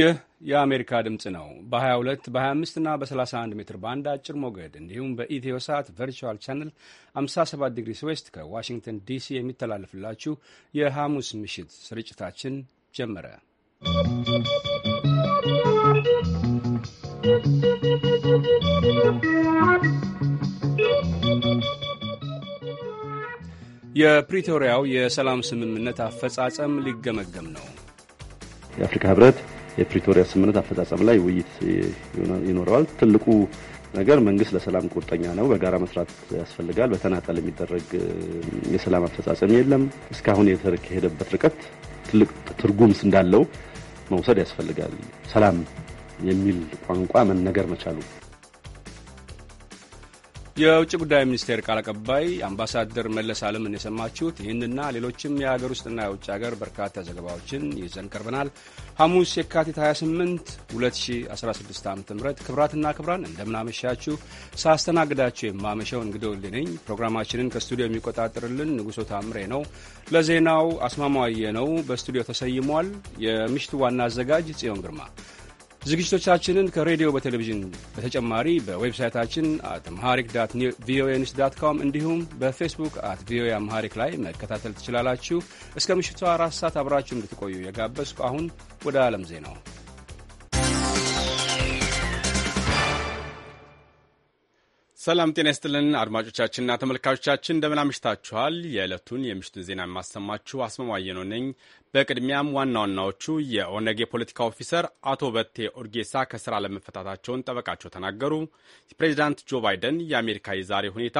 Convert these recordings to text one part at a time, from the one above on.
ይህ የአሜሪካ ድምፅ ነው። በ22 በ25 እና በ31 ሜትር ባንድ አጭር ሞገድ እንዲሁም በኢትዮ ሳት ቨርቹዋል ቻነል 57 ዲግሪ ስዌስት ከዋሽንግተን ዲሲ የሚተላለፍላችሁ የሐሙስ ምሽት ስርጭታችን ጀመረ። የፕሪቶሪያው የሰላም ስምምነት አፈጻጸም ሊገመገም ነው። የአፍሪካ ህብረት የፕሪቶሪያ ስምምነት አፈጻጸም ላይ ውይይት ይኖረዋል። ትልቁ ነገር መንግስት ለሰላም ቁርጠኛ ነው። በጋራ መስራት ያስፈልጋል። በተናጠል የሚደረግ የሰላም አፈጻጸም የለም። እስካሁን የተካሄደበት ርቀት ትልቅ ትርጉም እንዳለው መውሰድ ያስፈልጋል። ሰላም የሚል ቋንቋ መነገር መቻሉ የውጭ ጉዳይ ሚኒስቴር ቃል አቀባይ አምባሳደር መለስ አለምን የሰማችሁት። ይህንና ሌሎችም የሀገር ውስጥና የውጭ ሀገር በርካታ ዘገባዎችን ይዘን ቀርበናል። ሐሙስ የካቲት 28 2016 ዓ ም ክብራትና ክብራን እንደምናመሻችሁ ሳስተናግዳችሁ የማመሸው እንግዲህ ልነኝ ፕሮግራማችንን ከስቱዲዮ የሚቆጣጠርልን ንጉሶ ታምሬ ነው። ለዜናው አስማማዋዬ ነው፣ በስቱዲዮ ተሰይሟል። የምሽቱ ዋና አዘጋጅ ጽዮን ግርማ ዝግጅቶቻችንን ከሬዲዮ በቴሌቪዥን በተጨማሪ በዌብሳይታችን አት አምሃሪክ ዳት ቪኦኤ ኒውስ ዳት ኮም እንዲሁም በፌስቡክ አት ቪኦኤ አምሃሪክ ላይ መከታተል ትችላላችሁ። እስከ ምሽቱ አራት ሰዓት አብራችሁ እንድትቆዩ የጋበዝኩ። አሁን ወደ ዓለም ዜናው ሰላም ጤና ይስጥልን አድማጮቻችንና ተመልካቾቻችን እንደምን አምሽታችኋል። የዕለቱን የምሽቱን ዜና የማሰማችሁ አስመማየ ነው ነኝ። በቅድሚያም ዋና ዋናዎቹ የኦነግ የፖለቲካ ኦፊሰር አቶ በቴ ኦርጌሳ ከስራ ለመፈታታቸውን ጠበቃቸው ተናገሩ። ፕሬዚዳንት ጆ ባይደን የአሜሪካ የዛሬ ሁኔታ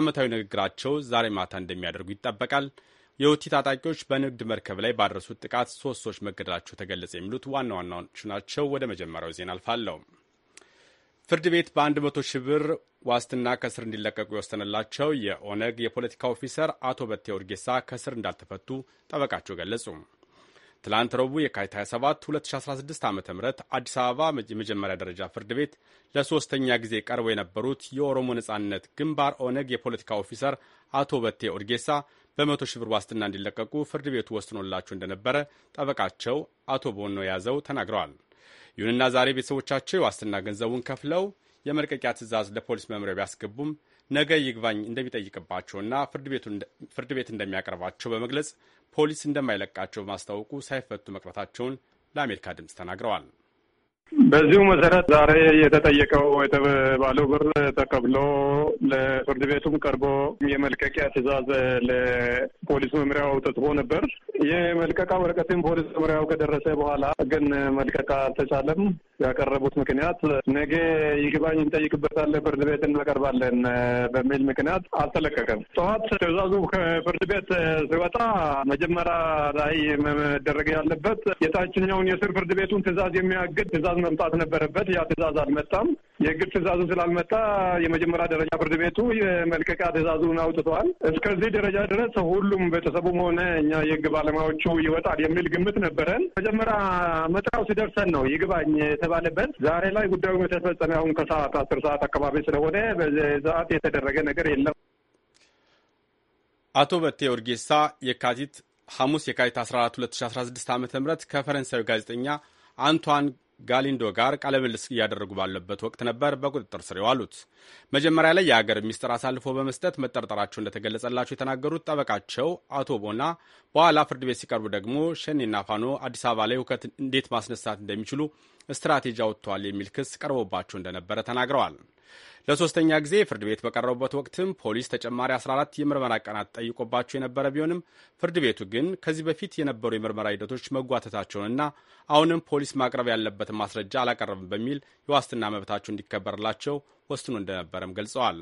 ዓመታዊ ንግግራቸው ዛሬ ማታ እንደሚያደርጉ ይጠበቃል። የውቲ ታጣቂዎች በንግድ መርከብ ላይ ባደረሱት ጥቃት ሶስት ሰዎች መገደላቸው ተገለጸ። የሚሉት ዋና ዋናዎቹ ናቸው። ወደ መጀመሪያው ዜና አልፋለሁ። ፍርድ ቤት በአንድ መቶ ሺህ ብር ዋስትና ከስር እንዲለቀቁ የወሰነላቸው የኦነግ የፖለቲካ ኦፊሰር አቶ በቴ ኦርጌሳ ከስር እንዳልተፈቱ ጠበቃቸው ገለጹ። ትላንት ረቡዕ የካቲት 27 2016 ዓ ም አዲስ አበባ የመጀመሪያ ደረጃ ፍርድ ቤት ለሶስተኛ ጊዜ ቀርበው የነበሩት የኦሮሞ ነጻነት ግንባር ኦነግ የፖለቲካ ኦፊሰር አቶ በቴ ኦርጌሳ በመቶ ሺህ ብር ዋስትና እንዲለቀቁ ፍርድ ቤቱ ወስኖላቸው እንደነበረ ጠበቃቸው አቶ ቦኖ ያዘው ተናግረዋል። ይሁንና ዛሬ ቤተሰቦቻቸው የዋስትና ገንዘቡን ከፍለው የመልቀቂያ ትዕዛዝ ለፖሊስ መምሪያ ቢያስገቡም ነገ ይግባኝ እንደሚጠይቅባቸውና ፍርድ ቤት እንደሚያቀርባቸው በመግለጽ ፖሊስ እንደማይለቃቸው በማስታወቁ ሳይፈቱ መቅረታቸውን ለአሜሪካ ድምፅ ተናግረዋል። በዚሁ መሰረት ዛሬ የተጠየቀው የተባለው ብር ተቀብሎ ለፍርድ ቤቱም ቀርቦ የመልቀቂያ ትዕዛዝ ለፖሊስ መምሪያው ተጽፎ ነበር። የመልቀቃ ወረቀትም ፖሊስ መምሪያው ከደረሰ በኋላ ግን መልቀቃ አልተቻለም። ያቀረቡት ምክንያት ነገ ይግባኝ እንጠይቅበታለን፣ ፍርድ ቤት እናቀርባለን በሚል ምክንያት አልተለቀቀም። ጠዋት ትዕዛዙ ከፍርድ ቤት ሲወጣ መጀመሪያ ላይ መደረግ ያለበት የታችኛውን የስር ፍርድ ቤቱን ትዕዛዝ የሚያግድ ትዕዛዝ ትእዛዝ መምጣት ነበረበት። ያ ትእዛዝ አልመጣም። የእግድ ትእዛዙ ስላልመጣ የመጀመሪያ ደረጃ ፍርድ ቤቱ የመልቀቂያ ትእዛዙን አውጥተዋል። እስከዚህ ደረጃ ድረስ ሁሉም ቤተሰቡም ሆነ እኛ የህግ ባለሙያዎቹ ይወጣል የሚል ግምት ነበረን። መጀመሪያ መጥራው ሲደርሰን ነው ይግባኝ የተባለበት። ዛሬ ላይ ጉዳዩ የተፈጸመ አሁን ከሰዓት አስር ሰዓት አካባቢ ስለሆነ በዚህ የተደረገ ነገር የለም። አቶ በቴ ኦርጌሳ የካቲት ሐሙስ የካቲት 14 2016 ዓ ም ከፈረንሳዊ ጋዜጠኛ አንቷን ጋሊንዶ ጋር ቃለምልስ እያደረጉ ባለበት ወቅት ነበር በቁጥጥር ስር የዋሉት። መጀመሪያ ላይ የአገር ሚስጥር አሳልፎ በመስጠት መጠርጠራቸው እንደተገለጸላቸው የተናገሩት ጠበቃቸው አቶ ቦና በኋላ ፍርድ ቤት ሲቀርቡ ደግሞ ሸኔና ፋኖ አዲስ አበባ ላይ ሁከት እንዴት ማስነሳት እንደሚችሉ ስትራቴጂ አውጥተዋል የሚል ክስ ቀርቦባቸው እንደነበረ ተናግረዋል። ለሶስተኛ ጊዜ ፍርድ ቤት በቀረቡበት ወቅትም ፖሊስ ተጨማሪ 14 የምርመራ ቀናት ጠይቆባቸው የነበረ ቢሆንም ፍርድ ቤቱ ግን ከዚህ በፊት የነበሩ የምርመራ ሂደቶች መጓተታቸውንና አሁንም ፖሊስ ማቅረብ ያለበትን ማስረጃ አላቀረብም በሚል የዋስትና መብታቸው እንዲከበርላቸው ወስኖ እንደነበረም ገልጸዋል።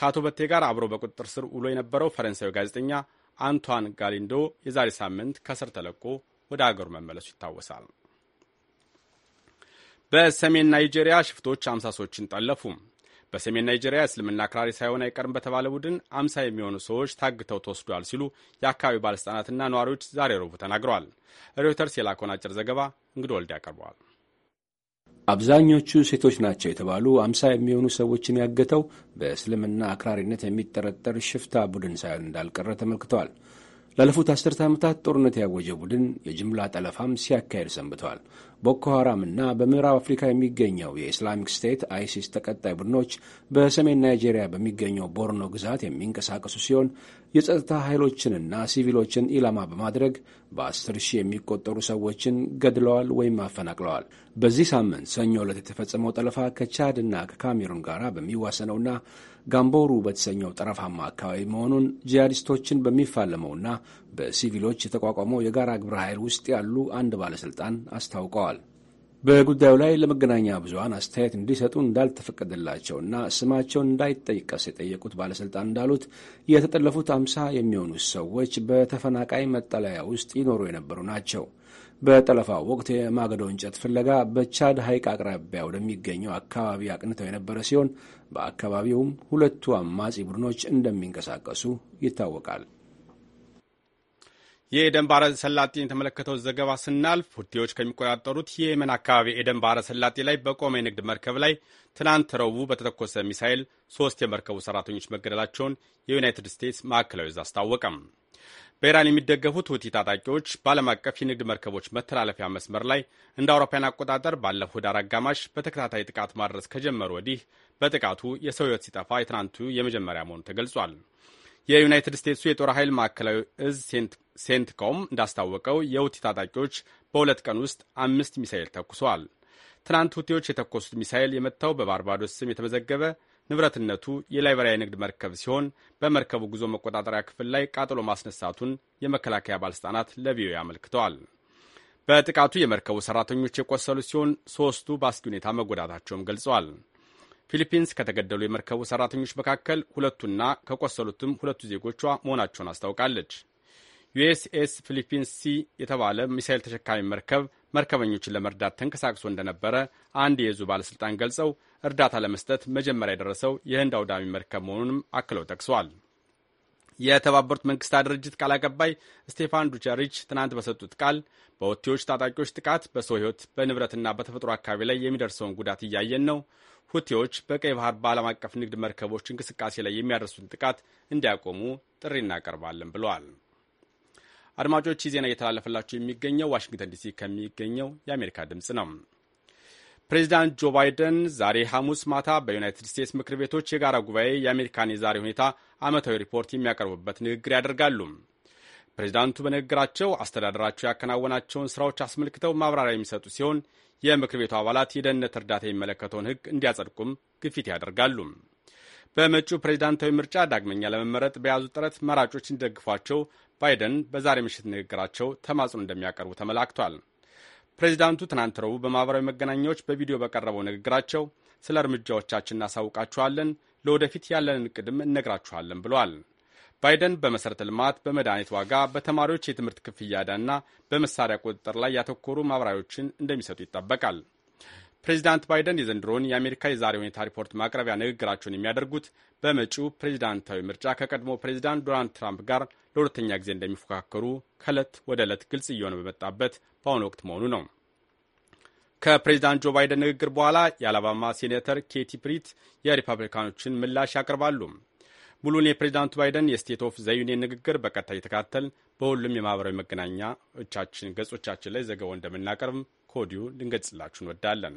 ከአቶ በቴ ጋር አብሮ በቁጥጥር ስር ውሎ የነበረው ፈረንሳዊ ጋዜጠኛ አንቷን ጋሊንዶ የዛሬ ሳምንት ከስር ተለቆ ወደ አገሩ መመለሱ ይታወሳል። በሰሜን ናይጄሪያ ሽፍቶች አምሳ ሰዎችን ጠለፉ። በሰሜን ናይጄሪያ እስልምና አክራሪ ሳይሆን አይቀርም በተባለ ቡድን አምሳ የሚሆኑ ሰዎች ታግተው ተወስዷል ሲሉ የአካባቢው ባለሥልጣናትና ነዋሪዎች ዛሬ ረቡዕ ተናግረዋል። ሮይተርስ የላኮን አጭር ዘገባ እንግዶ ወልድ ያቀርበዋል። አብዛኞቹ ሴቶች ናቸው የተባሉ አምሳ የሚሆኑ ሰዎችን ያገተው በእስልምና አክራሪነት የሚጠረጠር ሽፍታ ቡድን ሳይሆን እንዳልቀረ ተመልክተዋል። ላለፉት አስርተ ዓመታት ጦርነት ያወጀ ቡድን የጅምላ ጠለፋም ሲያካሄድ ሰንብተዋል። ቦኮ ሐራም እና በምዕራብ አፍሪካ የሚገኘው የኢስላሚክ ስቴት አይሲስ ተቀጣይ ቡድኖች በሰሜን ናይጄሪያ በሚገኘው ቦርኖ ግዛት የሚንቀሳቀሱ ሲሆን የጸጥታ ኃይሎችንና ሲቪሎችን ኢላማ በማድረግ በአስር ሺህ የሚቆጠሩ ሰዎችን ገድለዋል ወይም አፈናቅለዋል። በዚህ ሳምንት ሰኞ ዕለት የተፈጸመው ጠለፋ ከቻድ ና ከካሜሩን ጋር በሚዋሰነውና ጋምቦሩ በተሰኘው ጠረፋማ አካባቢ መሆኑን ጂሃዲስቶችን በሚፋለመውና በሲቪሎች የተቋቋመው የጋራ ግብረ ኃይል ውስጥ ያሉ አንድ ባለሥልጣን አስታውቀዋል። በጉዳዩ ላይ ለመገናኛ ብዙሃን አስተያየት እንዲሰጡ እንዳልተፈቀደላቸውና ስማቸውን እንዳይጠቀስ የጠየቁት ባለሥልጣን እንዳሉት የተጠለፉት አምሳ የሚሆኑ ሰዎች በተፈናቃይ መጠለያ ውስጥ ይኖሩ የነበሩ ናቸው። በጠለፋው ወቅት የማገዶ እንጨት ፍለጋ በቻድ ሐይቅ አቅራቢያ ወደሚገኘው አካባቢ አቅንተው የነበረ ሲሆን በአካባቢውም ሁለቱ አማጺ ቡድኖች እንደሚንቀሳቀሱ ይታወቃል። የኤደን ባህረ ሰላጤን የተመለከተው ዘገባ ስናልፍ ሁቲዎች ከሚቆጣጠሩት የየመን አካባቢ ኤደን ባህረ ሰላጤ ላይ በቆመ የንግድ መርከብ ላይ ትናንት ረቡዕ በተተኮሰ ሚሳይል ሶስት የመርከቡ ሰራተኞች መገደላቸውን የዩናይትድ ስቴትስ ማዕከላዊ ዕዝ አስታወቀም። በኢራን የሚደገፉት ሁቲ ታጣቂዎች በዓለም አቀፍ የንግድ መርከቦች መተላለፊያ መስመር ላይ እንደ አውሮፓውያን አቆጣጠር ባለፈው ኅዳር አጋማሽ በተከታታይ ጥቃት ማድረስ ከጀመሩ ወዲህ በጥቃቱ የሰው ህይወት ሲጠፋ የትናንቱ የመጀመሪያ መሆኑ ተገልጿል። የዩናይትድ ስቴትሱ የጦር ኃይል ማዕከላዊ እዝ ሴንትኮም እንዳስታወቀው የሁቲ ታጣቂዎች በሁለት ቀን ውስጥ አምስት ሚሳይል ተኩሰዋል። ትናንት ሁቲዎች የተኮሱት ሚሳይል የመታው በባርባዶስ ስም የተመዘገበ ንብረትነቱ የላይበሪያ የንግድ መርከብ ሲሆን በመርከቡ ጉዞ መቆጣጠሪያ ክፍል ላይ ቃጠሎ ማስነሳቱን የመከላከያ ባለሥልጣናት ለቪኦኤ አመልክተዋል። በጥቃቱ የመርከቡ ሠራተኞች የቆሰሉ ሲሆን ሦስቱ በአስጊ ሁኔታ መጎዳታቸውም ገልጸዋል። ፊሊፒንስ ከተገደሉ የመርከቡ ሠራተኞች መካከል ሁለቱና ከቆሰሉትም ሁለቱ ዜጎቿ መሆናቸውን አስታውቃለች። ዩኤስኤስ ፊሊፒንስ ሲ የተባለ ሚሳይል ተሸካሚ መርከብ መርከበኞችን ለመርዳት ተንቀሳቅሶ እንደነበረ አንድ የዙ ባለሥልጣን ገልጸው እርዳታ ለመስጠት መጀመሪያ የደረሰው የህንድ አውዳሚ መርከብ መሆኑንም አክለው ጠቅሰዋል። የተባበሩት መንግስታት ድርጅት ቃል አቀባይ ስቴፋን ዱቻሪች ትናንት በሰጡት ቃል በሁቲዎች ታጣቂዎች ጥቃት በሰው ህይወት በንብረትና በተፈጥሮ አካባቢ ላይ የሚደርሰውን ጉዳት እያየን ነው። ሁቲዎች በቀይ ባህር በዓለም አቀፍ ንግድ መርከቦች እንቅስቃሴ ላይ የሚያደርሱትን ጥቃት እንዲያቆሙ ጥሪ እናቀርባለን ብለዋል። አድማጮች ይህ ዜና እየተላለፈላቸው የሚገኘው ዋሽንግተን ዲሲ ከሚገኘው የአሜሪካ ድምፅ ነው። ፕሬዚዳንት ጆ ባይደን ዛሬ ሐሙስ ማታ በዩናይትድ ስቴትስ ምክር ቤቶች የጋራ ጉባኤ የአሜሪካን የዛሬ ሁኔታ ዓመታዊ ሪፖርት የሚያቀርቡበት ንግግር ያደርጋሉ። ፕሬዚዳንቱ በንግግራቸው አስተዳደራቸው ያከናወናቸውን ስራዎች አስመልክተው ማብራሪያ የሚሰጡ ሲሆን የምክር ቤቱ አባላት የደህንነት እርዳታ የሚመለከተውን ሕግ እንዲያጸድቁም ግፊት ያደርጋሉ። በመጪው ፕሬዚዳንታዊ ምርጫ ዳግመኛ ለመመረጥ በያዙ ጥረት መራጮች እንዲደግፏቸው ባይደን በዛሬ ምሽት ንግግራቸው ተማጽኖ እንደሚያቀርቡ ተመላክቷል። ፕሬዚዳንቱ ትናንት ረቡዕ በማኅበራዊ መገናኛዎች በቪዲዮ በቀረበው ንግግራቸው ስለ እርምጃዎቻችን እናሳውቃችኋለን፣ ለወደፊት ያለንን ቅድም እነግራችኋለን ብሏል። ባይደን በመሠረተ ልማት፣ በመድኃኒት ዋጋ፣ በተማሪዎች የትምህርት ክፍያ ዕዳና በመሳሪያ ቁጥጥር ላይ ያተኮሩ ማብራሪያዎችን እንደሚሰጡ ይጠበቃል። ፕሬዚዳንት ባይደን የዘንድሮውን የአሜሪካ የዛሬ ሁኔታ ሪፖርት ማቅረቢያ ንግግራቸውን የሚያደርጉት በመጪው ፕሬዚዳንታዊ ምርጫ ከቀድሞ ፕሬዚዳንት ዶናልድ ትራምፕ ጋር ለሁለተኛ ጊዜ እንደሚፎካከሩ ከእለት ወደ ዕለት ግልጽ እየሆነ በመጣበት በአሁኑ ወቅት መሆኑ ነው። ከፕሬዚዳንት ጆ ባይደን ንግግር በኋላ የአላባማ ሴኔተር ኬቲ ፕሪት የሪፐብሊካኖችን ምላሽ ያቀርባሉ። ሙሉን የፕሬዚዳንቱ ባይደን የስቴት ኦፍ ዘዩኔ ንግግር በቀጥታ እየተከታተል በሁሉም የማህበራዊ እቻችን ገጾቻችን ላይ ዘገባው እንደምናቀርብም ከወዲሁ ልንገልጽላችሁ እንወዳለን።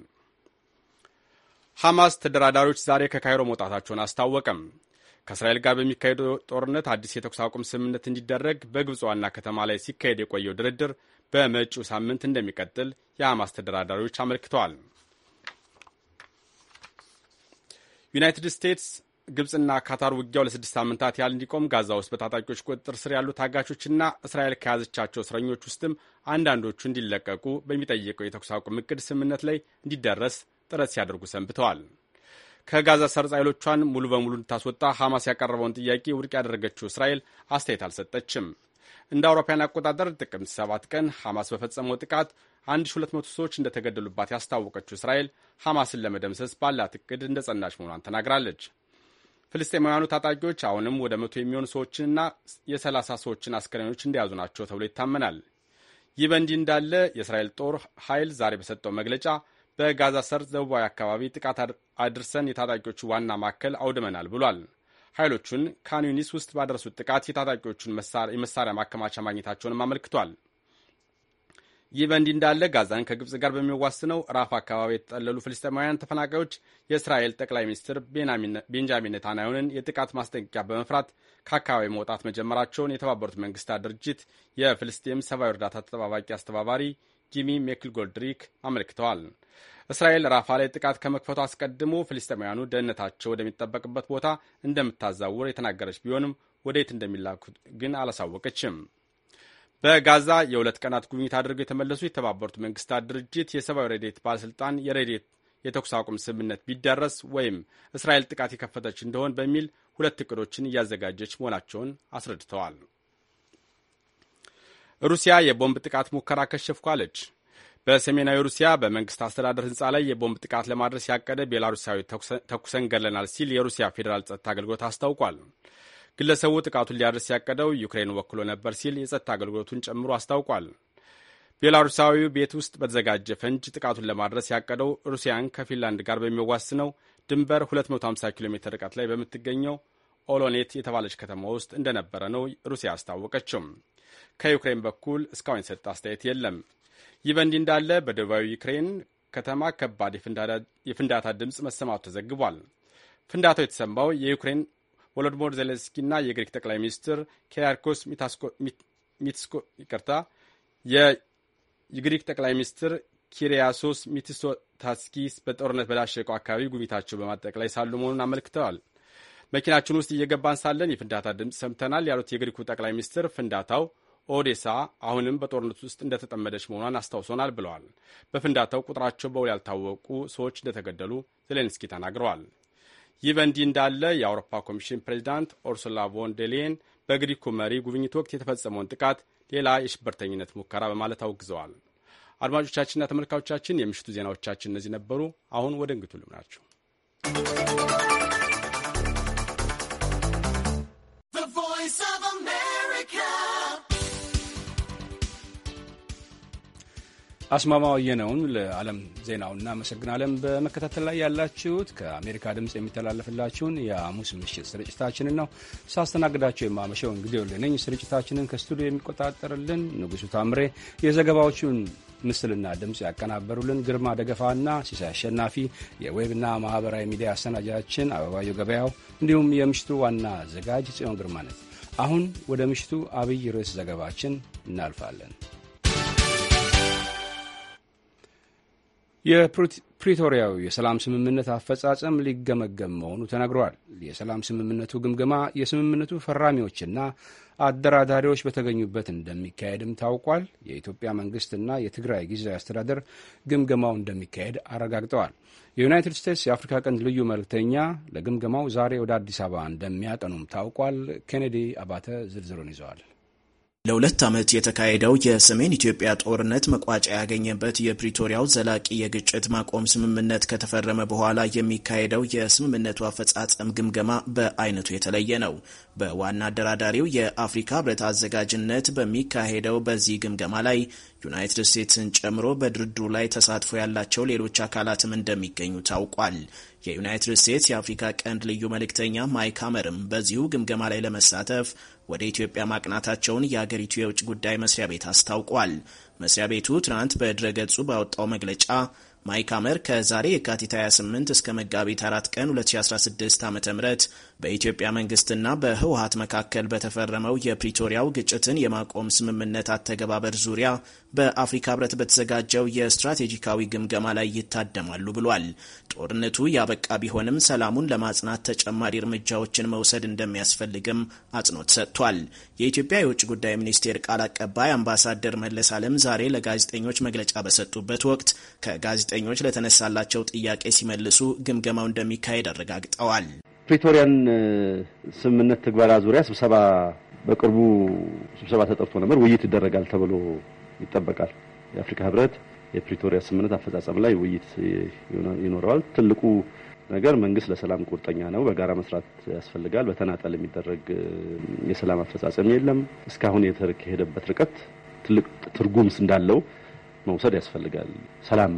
ሐማስ ተደራዳሪዎች ዛሬ ከካይሮ መውጣታቸውን አስታወቀም። ከእስራኤል ጋር በሚካሄደው ጦርነት አዲስ የተኩስ አቁም ስምምነት እንዲደረግ በግብፅ ዋና ከተማ ላይ ሲካሄድ የቆየው ድርድር በመጪው ሳምንት እንደሚቀጥል የሐማስ ተደራዳሪዎች አመልክተዋል። ዩናይትድ ስቴትስ ግብፅና ካታር ውጊያው ለስድስት ሳምንታት ያህል እንዲቆም ጋዛ ውስጥ በታጣቂዎች ቁጥጥር ስር ያሉ ታጋቾችና እስራኤል ከያዘቻቸው እስረኞች ውስጥም አንዳንዶቹ እንዲለቀቁ በሚጠይቀው የተኩስ አቁም እቅድ ስምምነት ላይ እንዲደረስ ጥረት ሲያደርጉ ሰንብተዋል። ከጋዛ ሰርጽ ኃይሎቿን ሙሉ በሙሉ እንድታስወጣ ሐማስ ያቀረበውን ጥያቄ ውድቅ ያደረገችው እስራኤል አስተያየት አልሰጠችም። እንደ አውሮፓውያን አቆጣጠር ጥቅምት 7 ቀን ሐማስ በፈጸመው ጥቃት 1200 ሰዎች እንደተገደሉባት ያስታወቀችው እስራኤል ሐማስን ለመደምሰስ ባላት እቅድ እንደጸናች መሆኗን ተናግራለች። ፍልስጤማውያኑ ታጣቂዎች አሁንም ወደ መቶ የሚሆኑ ሰዎችንና የሰላሳ ሰዎችን አስከሬኖች እንደያዙ ናቸው ተብሎ ይታመናል። ይህ በእንዲህ እንዳለ የእስራኤል ጦር ኃይል ዛሬ በሰጠው መግለጫ በጋዛ ሰርጥ ደቡባዊ አካባቢ ጥቃት አድርሰን የታጣቂዎቹ ዋና ማዕከል አውድመናል ብሏል። ኃይሎቹን ካን ዩኒስ ውስጥ ባደረሱት ጥቃት የታጣቂዎቹን የመሳሪያ ማከማቻ ማግኘታቸውንም አመልክቷል። ይህ በእንዲህ እንዳለ ጋዛን ከግብፅ ጋር በሚዋስነው ራፍ አካባቢ የተጠለሉ ፍልስጤማውያን ተፈናቃዮች የእስራኤል ጠቅላይ ሚኒስትር ቤንጃሚን ኔታንያሁንን የጥቃት ማስጠንቀቂያ በመፍራት ከአካባቢ መውጣት መጀመራቸውን የተባበሩት መንግስታት ድርጅት የፍልስጤም ሰብአዊ እርዳታ ተጠባባቂ አስተባባሪ ጂሚ ሜክልጎልድሪክ አመልክተዋል። እስራኤል ራፋ ላይ ጥቃት ከመክፈቱ አስቀድሞ ፍልስጤማውያኑ ደህንነታቸው ወደሚጠበቅበት ቦታ እንደምታዛውር የተናገረች ቢሆንም ወደየት እንደሚላኩት ግን አላሳወቀችም። በጋዛ የሁለት ቀናት ጉብኝት አድርገው የተመለሱ የተባበሩት መንግስታት ድርጅት የሰብአዊ ረዴት ባለሥልጣን የረዴት የተኩስ አቁም ስምምነት ቢደረስ ወይም እስራኤል ጥቃት የከፈተች እንደሆን በሚል ሁለት እቅዶችን እያዘጋጀች መሆናቸውን አስረድተዋል። ሩሲያ የቦምብ ጥቃት ሙከራ ከሸፍኩ አለች። በሰሜናዊ ሩሲያ በመንግስት አስተዳደር ህንፃ ላይ የቦምብ ጥቃት ለማድረስ ያቀደ ቤላሩሳዊ ተኩሰን ገለናል ሲል የሩሲያ ፌዴራል ጸጥታ አገልግሎት አስታውቋል። ግለሰቡ ጥቃቱን ሊያደርስ ያቀደው ዩክሬን ወክሎ ነበር ሲል የጸጥታ አገልግሎቱን ጨምሮ አስታውቋል። ቤላሩሳዊው ቤት ውስጥ በተዘጋጀ ፈንጅ ጥቃቱን ለማድረስ ያቀደው ሩሲያን ከፊንላንድ ጋር በሚያዋስነው ድንበር 250 ኪሎ ሜትር ርቀት ላይ በምትገኘው ኦሎኔት የተባለች ከተማ ውስጥ እንደነበረ ነው ሩሲያ አስታወቀችው። ከዩክሬን በኩል እስካሁን የሰጠ አስተያየት የለም። ይህ በእንዲህ እንዳለ በደቡባዊ ዩክሬን ከተማ ከባድ የፍንዳታ ድምፅ መሰማቱ ተዘግቧል። ፍንዳታው የተሰማው የዩክሬን ቮሎዲሞር ዜሌንስኪና የግሪክ ጠቅላይ ሚኒስትር ኪሪያኮስ ሚትስኮ ይቅርታ የግሪክ ጠቅላይ ሚኒስትር ኪሪያሶስ ሚትሶታስኪስ በጦርነት በዳሸቀው አካባቢ ጉብኝታቸው በማጠቅ ላይ ሳሉ መሆኑን አመልክተዋል። መኪናችን ውስጥ እየገባን ሳለን የፍንዳታ ድምፅ ሰምተናል ያሉት የግሪኩ ጠቅላይ ሚኒስትር ፍንዳታው ኦዴሳ አሁንም በጦርነት ውስጥ እንደተጠመደች መሆኗን አስታውሶናል ብለዋል። በፍንዳታው ቁጥራቸው በውል ያልታወቁ ሰዎች እንደተገደሉ ዜሌንስኪ ተናግረዋል። ይህ በእንዲህ እንዳለ የአውሮፓ ኮሚሽን ፕሬዚዳንት ኦርሱላ ቮን ዴሌን በግሪኩ መሪ ጉብኝት ወቅት የተፈጸመውን ጥቃት ሌላ የሽብርተኝነት ሙከራ በማለት አውግዘዋል። አድማጮቻችንና ተመልካቾቻችን የምሽቱ ዜናዎቻችን እነዚህ ነበሩ። አሁን ወደ እንግቱ Thank ናቸው። አስማማው የነውን ለዓለም ዜናው እናመሰግናለን። በመከታተል ላይ ያላችሁት ከአሜሪካ ድምፅ የሚተላለፍላችሁን የሐሙስ ምሽት ስርጭታችንን ነው። ሳስተናግዳቸው የማመሸው እንግዲህ ልነኝ። ስርጭታችንን ከስቱዲዮ የሚቆጣጠርልን ንጉሱ ታምሬ፣ የዘገባዎቹን ምስልና ድምፅ ያቀናበሩልን ግርማ ደገፋና ሲሳይ አሸናፊ፣ የዌብና ማህበራዊ ሚዲያ አሰናጃችን አበባየው ገበያው እንዲሁም የምሽቱ ዋና አዘጋጅ ጽዮን ግርማ ነች። አሁን ወደ ምሽቱ አብይ ርዕስ ዘገባችን እናልፋለን። የፕሪቶሪያው የሰላም ስምምነት አፈጻጸም ሊገመገም መሆኑ ተነግሯል። የሰላም ስምምነቱ ግምገማ የስምምነቱ ፈራሚዎችና አደራዳሪዎች በተገኙበት እንደሚካሄድም ታውቋል። የኢትዮጵያ መንግስትና የትግራይ ጊዜያዊ አስተዳደር ግምገማው እንደሚካሄድ አረጋግጠዋል። የዩናይትድ ስቴትስ የአፍሪካ ቀንድ ልዩ መልእክተኛ ለግምገማው ዛሬ ወደ አዲስ አበባ እንደሚያቀኑም ታውቋል። ኬኔዲ አባተ ዝርዝሩን ይዘዋል። ለሁለት ዓመት የተካሄደው የሰሜን ኢትዮጵያ ጦርነት መቋጫ ያገኘበት የፕሪቶሪያው ዘላቂ የግጭት ማቆም ስምምነት ከተፈረመ በኋላ የሚካሄደው የስምምነቱ አፈጻጸም ግምገማ በአይነቱ የተለየ ነው። በዋና አደራዳሪው የአፍሪካ ሕብረት አዘጋጅነት በሚካሄደው በዚህ ግምገማ ላይ ዩናይትድ ስቴትስን ጨምሮ በድርድሩ ላይ ተሳትፎ ያላቸው ሌሎች አካላትም እንደሚገኙ ታውቋል። የዩናይትድ ስቴትስ የአፍሪካ ቀንድ ልዩ መልእክተኛ ማይክ ሀመርም በዚሁ ግምገማ ላይ ለመሳተፍ ወደ ኢትዮጵያ ማቅናታቸውን የአገሪቱ የውጭ ጉዳይ መስሪያ ቤት አስታውቋል። መስሪያ ቤቱ ትናንት በድረገጹ ባወጣው መግለጫ ማይክ አመር ከዛሬ የካቲት 28 እስከ መጋቢት 4 ቀን 2016 ዓ ም በኢትዮጵያ መንግስትና በህወሀት መካከል በተፈረመው የፕሪቶሪያው ግጭትን የማቆም ስምምነት አተገባበር ዙሪያ በአፍሪካ ህብረት በተዘጋጀው የስትራቴጂካዊ ግምገማ ላይ ይታደማሉ ብሏል። ጦርነቱ ያበቃ ቢሆንም ሰላሙን ለማጽናት ተጨማሪ እርምጃዎችን መውሰድ እንደሚያስፈልግም አጽንኦት ሰጥቷል። የኢትዮጵያ የውጭ ጉዳይ ሚኒስቴር ቃል አቀባይ አምባሳደር መለስ አለም ዛሬ ለጋዜጠኞች መግለጫ በሰጡበት ወቅት ከጋዜጠኞች ለተነሳላቸው ጥያቄ ሲመልሱ ግምገማው እንደሚካሄድ አረጋግጠዋል። ፕሪቶሪያን ስምምነት ትግበራ ዙሪያ ስብሰባ በቅርቡ ስብሰባ ተጠርቶ ነበር። ውይይት ይደረጋል ተብሎ ይጠበቃል። የአፍሪካ ህብረት የፕሪቶሪያ ስምምነት አፈጻጸም ላይ ውይይት ይኖረዋል። ትልቁ ነገር መንግስት ለሰላም ቁርጠኛ ነው። በጋራ መስራት ያስፈልጋል። በተናጠል የሚደረግ የሰላም አፈጻጸም የለም። እስካሁን የተሄደበት ርቀት ትልቅ ትርጉም እንዳለው መውሰድ ያስፈልጋል። ሰላም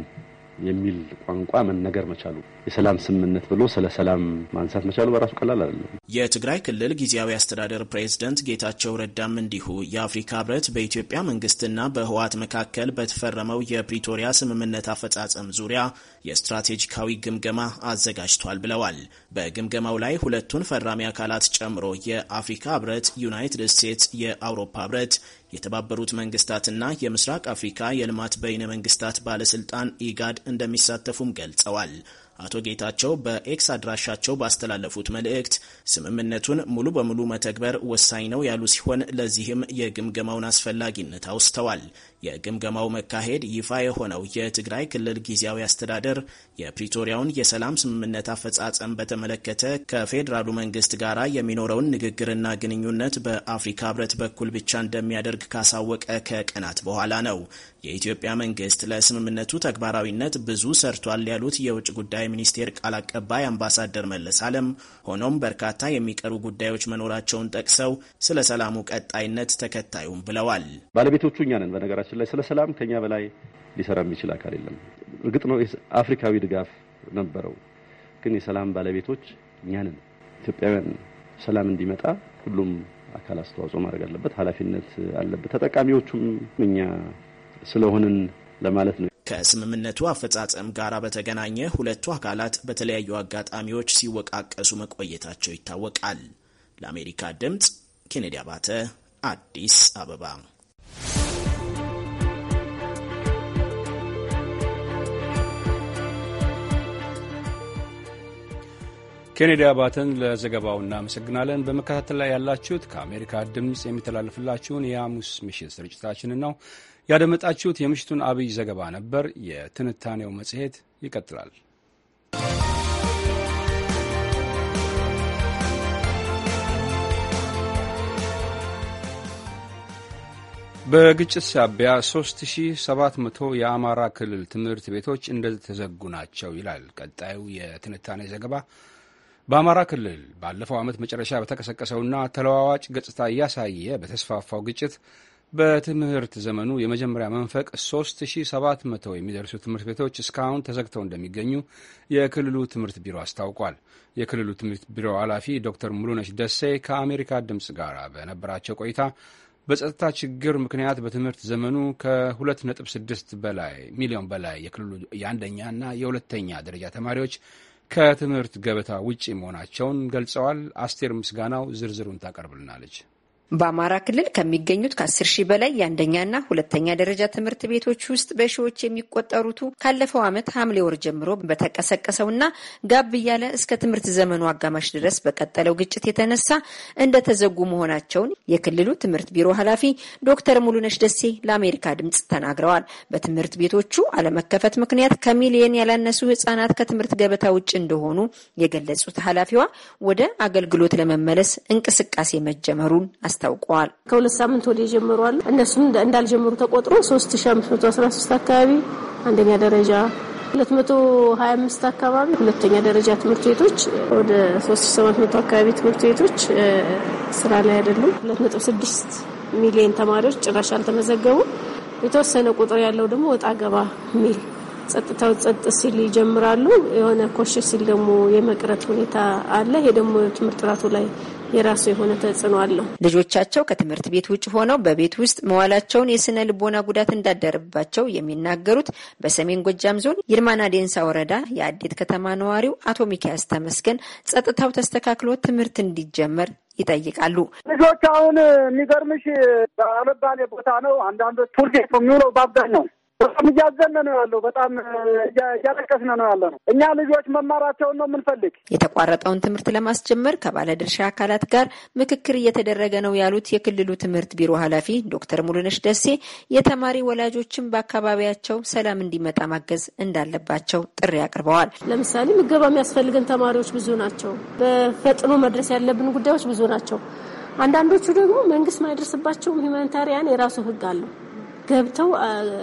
የሚል ቋንቋ መነገር መቻሉ የሰላም ስምምነት ብሎ ስለ ሰላም ማንሳት መቻሉ በራሱ ቀላል አይደለም። የትግራይ ክልል ጊዜያዊ አስተዳደር ፕሬዝደንት ጌታቸው ረዳም እንዲሁ የአፍሪካ ህብረት በኢትዮጵያ መንግስትና በህወሓት መካከል በተፈረመው የፕሪቶሪያ ስምምነት አፈጻጸም ዙሪያ የስትራቴጂካዊ ግምገማ አዘጋጅቷል ብለዋል። በግምገማው ላይ ሁለቱን ፈራሚ አካላት ጨምሮ የአፍሪካ ህብረት፣ ዩናይትድ ስቴትስ፣ የአውሮፓ ህብረት የተባበሩት መንግስታትና የምስራቅ አፍሪካ የልማት በይነ መንግስታት ባለስልጣን ኢጋድ እንደሚሳተፉም ገልጸዋል። አቶ ጌታቸው በኤክስ አድራሻቸው ባስተላለፉት መልእክት ስምምነቱን ሙሉ በሙሉ መተግበር ወሳኝ ነው ያሉ ሲሆን ለዚህም የግምገማውን አስፈላጊነት አውስተዋል። የግምገማው መካሄድ ይፋ የሆነው የትግራይ ክልል ጊዜያዊ አስተዳደር የፕሪቶሪያውን የሰላም ስምምነት አፈጻጸም በተመለከተ ከፌዴራሉ መንግስት ጋር የሚኖረውን ንግግርና ግንኙነት በአፍሪካ ህብረት በኩል ብቻ እንደሚያደርግ ካሳወቀ ከቀናት በኋላ ነው። የኢትዮጵያ መንግስት ለስምምነቱ ተግባራዊነት ብዙ ሰርቷል ያሉት የውጭ ጉዳይ ሚኒስቴር ቃል አቀባይ አምባሳደር መለስ አለም፣ ሆኖም በርካታ የሚቀሩ ጉዳዮች መኖራቸውን ጠቅሰው ስለ ሰላሙ ቀጣይነት ተከታዩም ብለዋል። ባለቤቶቹ እኛ ነን። በነገራችን ላይ ስለ ሰላም ከኛ በላይ ሊሰራ የሚችል አካል የለም። እርግጥ ነው አፍሪካዊ ድጋፍ ነበረው፣ ግን የሰላም ባለቤቶች እኛ ነን፣ ኢትዮጵያውያን። ሰላም እንዲመጣ ሁሉም አካል አስተዋጽኦ ማድረግ አለበት፣ ኃላፊነት አለበት። ተጠቃሚዎቹም እኛ ስለሆንን ለማለት ነው። ከስምምነቱ አፈጻጸም ጋር በተገናኘ ሁለቱ አካላት በተለያዩ አጋጣሚዎች ሲወቃቀሱ መቆየታቸው ይታወቃል። ለአሜሪካ ድምፅ ኬኔዲ አባተ አዲስ አበባ ኬኔዲ አባተን ለዘገባው እናመሰግናለን። በመከታተል ላይ ያላችሁት ከአሜሪካ ድምፅ የሚተላለፍላችሁን የሐሙስ ምሽት ስርጭታችንን ነው ያደመጣችሁት። የምሽቱን አብይ ዘገባ ነበር። የትንታኔው መጽሔት ይቀጥላል። በግጭት ሳቢያ 3700 የአማራ ክልል ትምህርት ቤቶች እንደተዘጉ ናቸው ይላል ቀጣዩ የትንታኔ ዘገባ። በአማራ ክልል ባለፈው ዓመት መጨረሻ በተቀሰቀሰውና ተለዋዋጭ ገጽታ እያሳየ በተስፋፋው ግጭት በትምህርት ዘመኑ የመጀመሪያ መንፈቅ 3700 የሚደርሱ ትምህርት ቤቶች እስካሁን ተዘግተው እንደሚገኙ የክልሉ ትምህርት ቢሮ አስታውቋል። የክልሉ ትምህርት ቢሮ ኃላፊ ዶክተር ሙሉነሽ ደሴ ከአሜሪካ ድምፅ ጋር በነበራቸው ቆይታ በጸጥታ ችግር ምክንያት በትምህርት ዘመኑ ከ2.6 በላይ ሚሊዮን በላይ የክልሉ የአንደኛና የሁለተኛ ደረጃ ተማሪዎች ከትምህርት ገበታ ውጪ መሆናቸውን ገልጸዋል። አስቴር ምስጋናው ዝርዝሩን ታቀርብልናለች። በአማራ ክልል ከሚገኙት ከአስር ሺህ በላይ የአንደኛና ሁለተኛ ደረጃ ትምህርት ቤቶች ውስጥ በሺዎች የሚቆጠሩቱ ካለፈው ዓመት ሐምሌ ወር ጀምሮ በተቀሰቀሰውና ጋብ እያለ እስከ ትምህርት ዘመኑ አጋማሽ ድረስ በቀጠለው ግጭት የተነሳ እንደተዘጉ መሆናቸውን የክልሉ ትምህርት ቢሮ ኃላፊ ዶክተር ሙሉነሽ ደሴ ለአሜሪካ ድምጽ ተናግረዋል። በትምህርት ቤቶቹ አለመከፈት ምክንያት ከሚሊየን ያላነሱ ህጻናት ከትምህርት ገበታ ውጭ እንደሆኑ የገለጹት ኃላፊዋ ወደ አገልግሎት ለመመለስ እንቅስቃሴ መጀመሩን አስተ አስታውቀዋል። ከሁለት ሳምንት ወዲህ የጀመሩ አሉ። እነሱም እንዳልጀመሩ ተቆጥሮ 3513 አካባቢ አንደኛ ደረጃ 225 አካባቢ ሁለተኛ ደረጃ ትምህርት ቤቶች ወደ 3700 አካባቢ ትምህርት ቤቶች ስራ ላይ አይደሉም። 2.6 ሚሊዮን ተማሪዎች ጭራሽ አልተመዘገቡም። የተወሰነ ቁጥር ያለው ደግሞ ወጣ ገባ ሚል ጸጥታው ጸጥ ሲል ይጀምራሉ። የሆነ ኮሽ ሲል ደግሞ የመቅረት ሁኔታ አለ። ይሄ ደግሞ ትምህርት ጥራቱ ላይ የራሱ የሆነ ተጽዕኖ አለው። ልጆቻቸው ከትምህርት ቤት ውጭ ሆነው በቤት ውስጥ መዋላቸውን የስነ ልቦና ጉዳት እንዳደረባቸው የሚናገሩት በሰሜን ጎጃም ዞን ይርማና ዴንሳ ወረዳ የአዴት ከተማ ነዋሪው አቶ ሚካያስ ተመስገን ጸጥታው ተስተካክሎ ትምህርት እንዲጀመር ይጠይቃሉ። ልጆች አሁን የሚገርምሽ አለባሌ ቦታ ነው። አንዳንዶች ፑል የሚውለው በአብዛኛው በጣም እያዘነ ነው ያለው። በጣም እያለቀስነ ነው ያለ ነው። እኛ ልጆች መማራቸውን ነው የምንፈልግ። የተቋረጠውን ትምህርት ለማስጀመር ከባለድርሻ አካላት ጋር ምክክር እየተደረገ ነው ያሉት የክልሉ ትምህርት ቢሮ ኃላፊ ዶክተር ሙሉነሽ ደሴ የተማሪ ወላጆችን በአካባቢያቸው ሰላም እንዲመጣ ማገዝ እንዳለባቸው ጥሪ አቅርበዋል። ለምሳሌ ምገባ የሚያስፈልገን ተማሪዎች ብዙ ናቸው። በፈጥኖ መድረስ ያለብን ጉዳዮች ብዙ ናቸው። አንዳንዶቹ ደግሞ መንግስት ማይደርስባቸው ሁማኒታሪያን የራሱ ህግ አለው ገብተው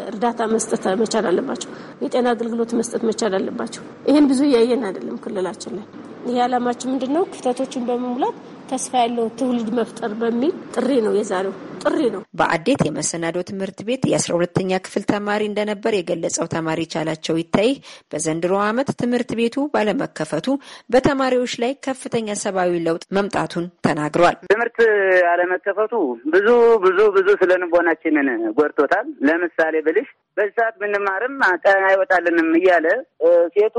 እርዳታ መስጠት መቻል አለባቸው። የጤና አገልግሎት መስጠት መቻል አለባቸው። ይህን ብዙ እያየን አይደለም ክልላችን ላይ። ይህ ዓላማችን ምንድን ነው? ክፍተቶችን በመሙላት ተስፋ ያለው ትውልድ መፍጠር በሚል ጥሪ ነው የዛሬው ጥሪ ነው። በአዴት የመሰናዶ ትምህርት ቤት የአስራ ሁለተኛ ክፍል ተማሪ እንደነበር የገለጸው ተማሪ ቻላቸው ይታይ በዘንድሮ ዓመት ትምህርት ቤቱ ባለመከፈቱ በተማሪዎች ላይ ከፍተኛ ሰብአዊ ለውጥ መምጣቱን ተናግሯል። ትምህርት አለመከፈቱ ብዙ ብዙ ብዙ ስለ ንቦናችንን ጎድቶታል። ለምሳሌ ብልሽ በዚህ ሰዓት ብንማርም ቀን አይወጣልንም እያለ ሴቱ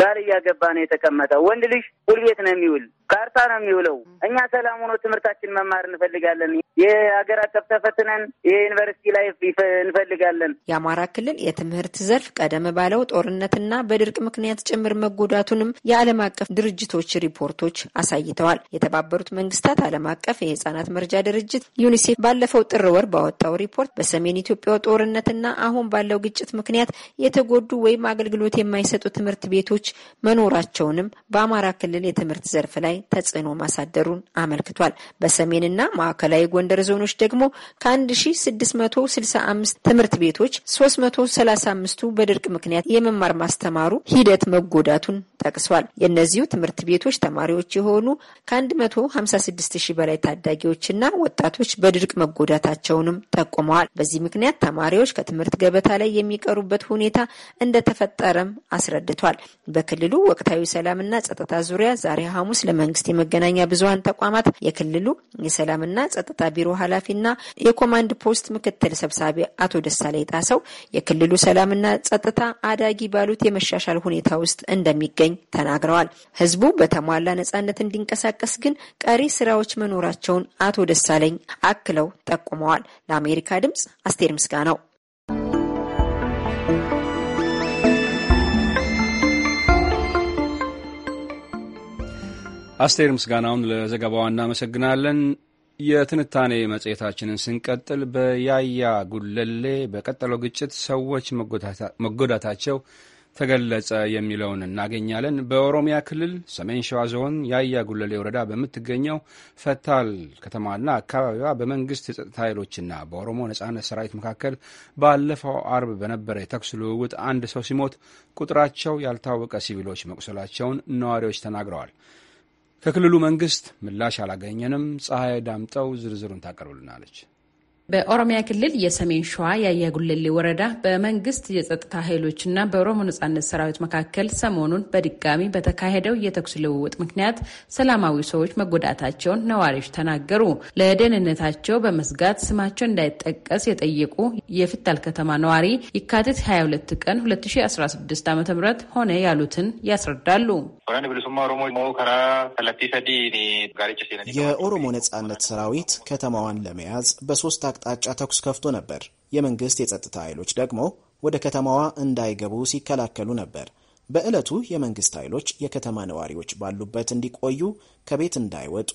ባል እያገባ ነው የተቀመጠው። ወንድ ልጅ ሁልቤት ነው የሚውል ካርታ ነው የሚውለው። እኛ ሰላም ሆኖ ትምህርታችን መማር እንፈልጋለን። የሀገር አቀፍ ተፈትነን የዩኒቨርሲቲ ላይፍ እንፈልጋለን። የአማራ ክልል የትምህርት ዘርፍ ቀደም ባለው ጦርነትና በድርቅ ምክንያት ጭምር መጎዳቱንም የዓለም አቀፍ ድርጅቶች ሪፖርቶች አሳይተዋል። የተባበሩት መንግስታት ዓለም አቀፍ የህጻናት መርጃ ድርጅት ዩኒሴፍ ባለፈው ጥር ወር ባወጣው ሪፖርት በሰሜን ኢትዮጵያው ጦርነትና አሁን ባለው ግጭት ምክንያት የተጎዱ ወይም አገልግሎት የማይሰጡ ትምህርት ቤቶች መኖራቸውንም በአማራ ክልል የትምህርት ዘርፍ ላይ ተጽዕኖ ማሳደሩን አመልክቷል። በሰሜንና ማዕከላዊ ጎንደር ዞኖች ደግሞ ከ1665 ትምህርት ቤቶች 335ቱ በድርቅ ምክንያት የመማር ማስተማሩ ሂደት መጎዳቱን ጠቅሷል። የእነዚሁ ትምህርት ቤቶች ተማሪዎች የሆኑ ከ156 ሺህ በላይ ታዳጊዎችና ወጣቶች በድርቅ መጎዳታቸውንም ጠቁመዋል። በዚህ ምክንያት ተማሪዎች ከትምህርት ገበታ ላይ የሚቀሩበት ሁኔታ እንደተፈጠረም አስረድቷል። በክልሉ ወቅታዊ ሰላምና ጸጥታ ዙሪያ ዛሬ ሐሙስ ለመንግስት የመንግስት የመገናኛ ብዙሀን ተቋማት የክልሉ የሰላምና ጸጥታ ቢሮ ኃላፊና የኮማንድ ፖስት ምክትል ሰብሳቢ አቶ ደሳለኝ ጣሰው የክልሉ ሰላምና ጸጥታ አዳጊ ባሉት የመሻሻል ሁኔታ ውስጥ እንደሚገኝ ተናግረዋል። ህዝቡ በተሟላ ነጻነት እንዲንቀሳቀስ ግን ቀሪ ስራዎች መኖራቸውን አቶ ደሳለኝ አክለው ጠቁመዋል። ለአሜሪካ ድምጽ አስቴር ምስጋ ነው። አስቴር ምስጋናውን ለዘገባዋ እናመሰግናለን። የትንታኔ መጽሔታችንን ስንቀጥል በያያ ጉለሌ በቀጠለው ግጭት ሰዎች መጎዳታቸው ተገለጸ የሚለውን እናገኛለን። በኦሮሚያ ክልል ሰሜን ሸዋ ዞን ያያ ጉለሌ ወረዳ በምትገኘው ፈታል ከተማና አካባቢዋ በመንግስት የጸጥታ ኃይሎችና በኦሮሞ ነጻነት ሰራዊት መካከል ባለፈው አርብ በነበረ የተኩስ ልውውጥ አንድ ሰው ሲሞት ቁጥራቸው ያልታወቀ ሲቪሎች መቁሰላቸውን ነዋሪዎች ተናግረዋል። ከክልሉ መንግስት ምላሽ አላገኘንም። ፀሐይ ዳምጠው ዝርዝሩን ታቀርብልናለች። በኦሮሚያ ክልል የሰሜን ሸዋ የአያ ጉለሌ ወረዳ በመንግስት የጸጥታ ኃይሎችና በኦሮሞ ነጻነት ሰራዊት መካከል ሰሞኑን በድጋሚ በተካሄደው የተኩስ ልውውጥ ምክንያት ሰላማዊ ሰዎች መጎዳታቸውን ነዋሪዎች ተናገሩ። ለደህንነታቸው በመስጋት ስማቸው እንዳይጠቀስ የጠየቁ የፍታል ከተማ ነዋሪ የካቲት 22 ቀን 2016 ዓ ም ሆነ ያሉትን ያስረዳሉ። የኦሮሞ ነጻነት ሰራዊት ከተማዋን ለመያዝ በሶስት አቅጣጫ ተኩስ ከፍቶ ነበር። የመንግስት የጸጥታ ኃይሎች ደግሞ ወደ ከተማዋ እንዳይገቡ ሲከላከሉ ነበር። በዕለቱ የመንግስት ኃይሎች የከተማ ነዋሪዎች ባሉበት እንዲቆዩ፣ ከቤት እንዳይወጡ፣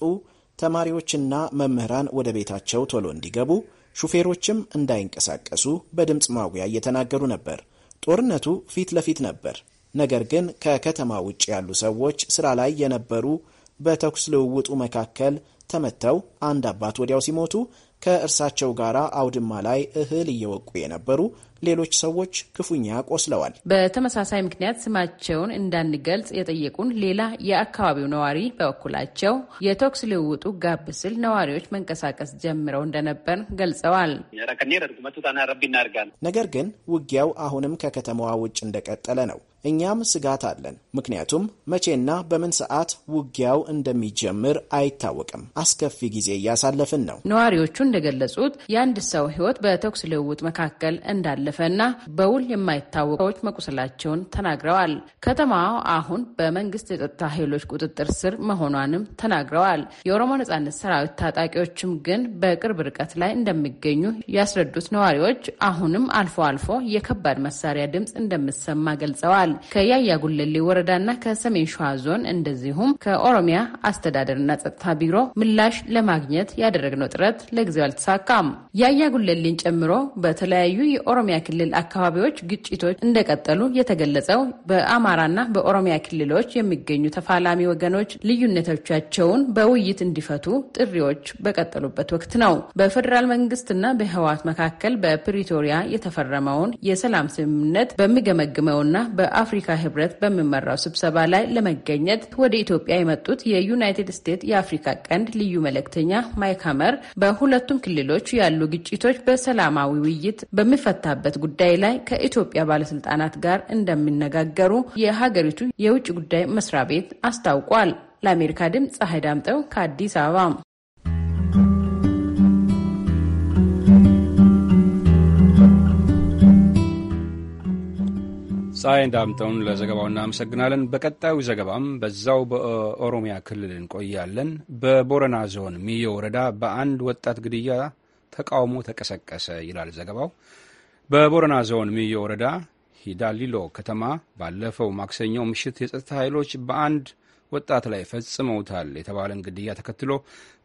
ተማሪዎችና መምህራን ወደ ቤታቸው ቶሎ እንዲገቡ፣ ሹፌሮችም እንዳይንቀሳቀሱ በድምፅ ማጉያ እየተናገሩ ነበር። ጦርነቱ ፊት ለፊት ነበር። ነገር ግን ከከተማ ውጭ ያሉ ሰዎች ስራ ላይ የነበሩ በተኩስ ልውውጡ መካከል ተመተው አንድ አባት ወዲያው ሲሞቱ ከእርሳቸው ጋር አውድማ ላይ እህል እየወቁ የነበሩ ሌሎች ሰዎች ክፉኛ ቆስለዋል። በተመሳሳይ ምክንያት ስማቸውን እንዳንገልጽ የጠየቁን ሌላ የአካባቢው ነዋሪ በበኩላቸው የተኩስ ልውውጡ ጋብ ሲል ነዋሪዎች መንቀሳቀስ ጀምረው እንደነበር ገልጸዋል። ነገር ግን ውጊያው አሁንም ከከተማዋ ውጭ እንደቀጠለ ነው። እኛም ስጋት አለን። ምክንያቱም መቼና በምን ሰዓት ውጊያው እንደሚጀምር አይታወቅም። አስከፊ ጊዜ እያሳለፍን ነው። ነዋሪዎቹ እንደገለጹት የአንድ ሰው ሕይወት በተኩስ ልውውጥ መካከል እንዳለፈና በውል የማይታወቀዎች መቁሰላቸውን ተናግረዋል። ከተማዋ አሁን በመንግስት የጸጥታ ኃይሎች ቁጥጥር ስር መሆኗንም ተናግረዋል። የኦሮሞ ነጻነት ሰራዊት ታጣቂዎችም ግን በቅርብ ርቀት ላይ እንደሚገኙ ያስረዱት ነዋሪዎች አሁንም አልፎ አልፎ የከባድ መሳሪያ ድምፅ እንደምሰማ ገልጸዋል። ተናግረዋል። ከያያ ጉለሌ ወረዳና ከሰሜን ሸዋ ዞን እንደዚሁም ከኦሮሚያ አስተዳደርና ጸጥታ ቢሮ ምላሽ ለማግኘት ያደረግነው ጥረት ለጊዜው አልተሳካም። ያያ ጉለሌን ጨምሮ በተለያዩ የኦሮሚያ ክልል አካባቢዎች ግጭቶች እንደቀጠሉ የተገለጸው በአማራና በኦሮሚያ ክልሎች የሚገኙ ተፋላሚ ወገኖች ልዩነቶቻቸውን በውይይት እንዲፈቱ ጥሪዎች በቀጠሉበት ወቅት ነው። በፌዴራል መንግስትና በህወሓት መካከል በፕሪቶሪያ የተፈረመውን የሰላም ስምምነት በሚገመግመውና በአ በአፍሪካ ህብረት በሚመራው ስብሰባ ላይ ለመገኘት ወደ ኢትዮጵያ የመጡት የዩናይትድ ስቴትስ የአፍሪካ ቀንድ ልዩ መልእክተኛ ማይክ ሀመር በሁለቱም ክልሎች ያሉ ግጭቶች በሰላማዊ ውይይት በሚፈታበት ጉዳይ ላይ ከኢትዮጵያ ባለስልጣናት ጋር እንደሚነጋገሩ የሀገሪቱ የውጭ ጉዳይ መስሪያ ቤት አስታውቋል። ለአሜሪካ ድምፅ ፀሐይ ዳምጠው ከአዲስ አበባ ፀሐይ ዳምጠውን ለዘገባው እናመሰግናለን። በቀጣዩ ዘገባም በዛው በኦሮሚያ ክልል እንቆያለን። በቦረና ዞን ሚዮ ወረዳ በአንድ ወጣት ግድያ ተቃውሞ ተቀሰቀሰ ይላል ዘገባው። በቦረና ዞን ሚዮ ወረዳ ሂዳሊሎ ከተማ ባለፈው ማክሰኞ ምሽት የጸጥታ ኃይሎች በአንድ ወጣት ላይ ፈጽመውታል የተባለን ግድያ ተከትሎ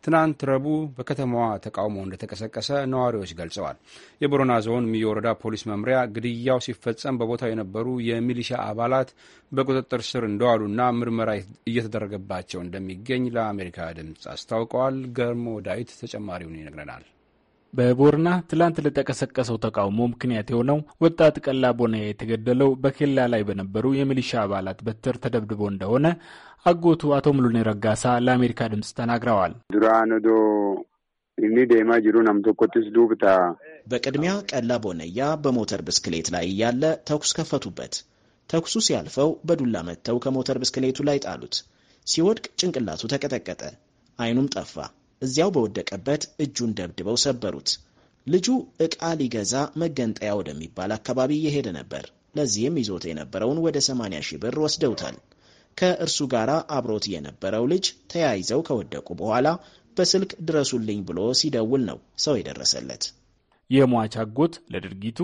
ትናንት ረቡዕ በከተማዋ ተቃውሞ እንደተቀሰቀሰ ነዋሪዎች ገልጸዋል። የቦረና ዞን ሚዮ ወረዳ ፖሊስ መምሪያ ግድያው ሲፈጸም በቦታው የነበሩ የሚሊሻ አባላት በቁጥጥር ስር እንደዋሉና ምርመራ እየተደረገባቸው እንደሚገኝ ለአሜሪካ ድምፅ አስታውቀዋል። ገርሞ ዳዊት ተጨማሪውን ይነግረናል። በቦርና ትላንት ለተቀሰቀሰው ተቃውሞ ምክንያት የሆነው ወጣት ቀላ ቦነያ የተገደለው በኬላ ላይ በነበሩ የሚሊሻ አባላት በትር ተደብድቦ እንደሆነ አጎቱ አቶ ሙሉኔ ረጋሳ ለአሜሪካ ድምፅ ተናግረዋል። ኢኒ ዴማ ጅሩ ዱብታ በቅድሚያ ቀላ ቦነያ በሞተር ብስክሌት ላይ እያለ ተኩስ ከፈቱበት። ተኩሱ ሲያልፈው በዱላ መጥተው ከሞተር ብስክሌቱ ላይ ጣሉት። ሲወድቅ ጭንቅላቱ ተቀጠቀጠ፣ አይኑም ጠፋ። እዚያው በወደቀበት እጁን ደብድበው ሰበሩት። ልጁ ዕቃ ሊገዛ መገንጠያ ወደሚባል አካባቢ እየሄደ ነበር። ለዚህም ይዞት የነበረውን ወደ 80 ሺህ ብር ወስደውታል። ከእርሱ ጋር አብሮት የነበረው ልጅ ተያይዘው ከወደቁ በኋላ በስልክ ድረሱልኝ ብሎ ሲደውል ነው ሰው የደረሰለት። የሟች አጎት ለድርጊቱ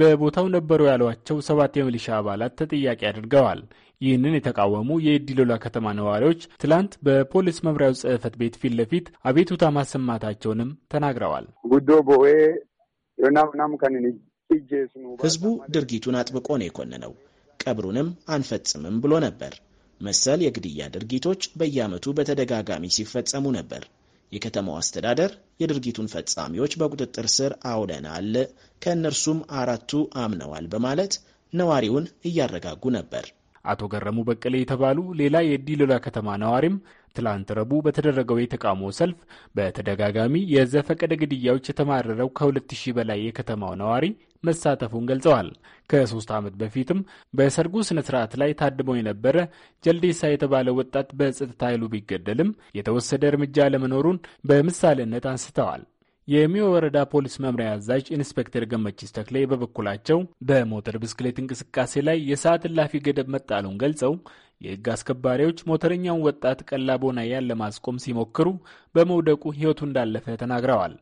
በቦታው ነበሩ ያሏቸው ሰባት የሚሊሻ አባላት ተጠያቂ አድርገዋል። ይህንን የተቃወሙ የዲሎላ ከተማ ነዋሪዎች ትላንት በፖሊስ መምሪያው ጽህፈት ቤት ፊት ለፊት አቤቱታ ማሰማታቸውንም ተናግረዋል። ጉዶ ቦኤ ከንን ህዝቡ ድርጊቱን አጥብቆ ነው የኮነነው። ቀብሩንም አንፈጽምም ብሎ ነበር። መሰል የግድያ ድርጊቶች በየዓመቱ በተደጋጋሚ ሲፈጸሙ ነበር። የከተማው አስተዳደር የድርጊቱን ፈጻሚዎች በቁጥጥር ስር አውለናል፣ ከእነርሱም አራቱ አምነዋል በማለት ነዋሪውን እያረጋጉ ነበር። አቶ ገረሙ በቀሌ የተባሉ ሌላ የዲሎላ ከተማ ነዋሪም ትላንት ረቡዕ በተደረገው የተቃውሞ ሰልፍ በተደጋጋሚ የዘፈቀደ ግድያዎች የተማረረው ከ2000 በላይ የከተማው ነዋሪ መሳተፉን ገልጸዋል። ከሶስት ዓመት በፊትም በሰርጉ ስነ ስርዓት ላይ ታድመው የነበረ ጀልዴሳ የተባለ ወጣት በጸጥታ ኃይሉ ቢገደልም የተወሰደ እርምጃ ለመኖሩን በምሳሌነት አንስተዋል። የሚዮ ወረዳ ፖሊስ መምሪያ አዛዥ ኢንስፔክተር ገመችስ ተክሌ በበኩላቸው በሞተር ብስክሌት እንቅስቃሴ ላይ የሰዓት እላፊ ገደብ መጣሉን ገልጸው የሕግ አስከባሪዎች ሞተረኛውን ወጣት ቀላቦና ያን ለማስቆም ሲሞክሩ በመውደቁ ሕይወቱ እንዳለፈ ተናግረዋል።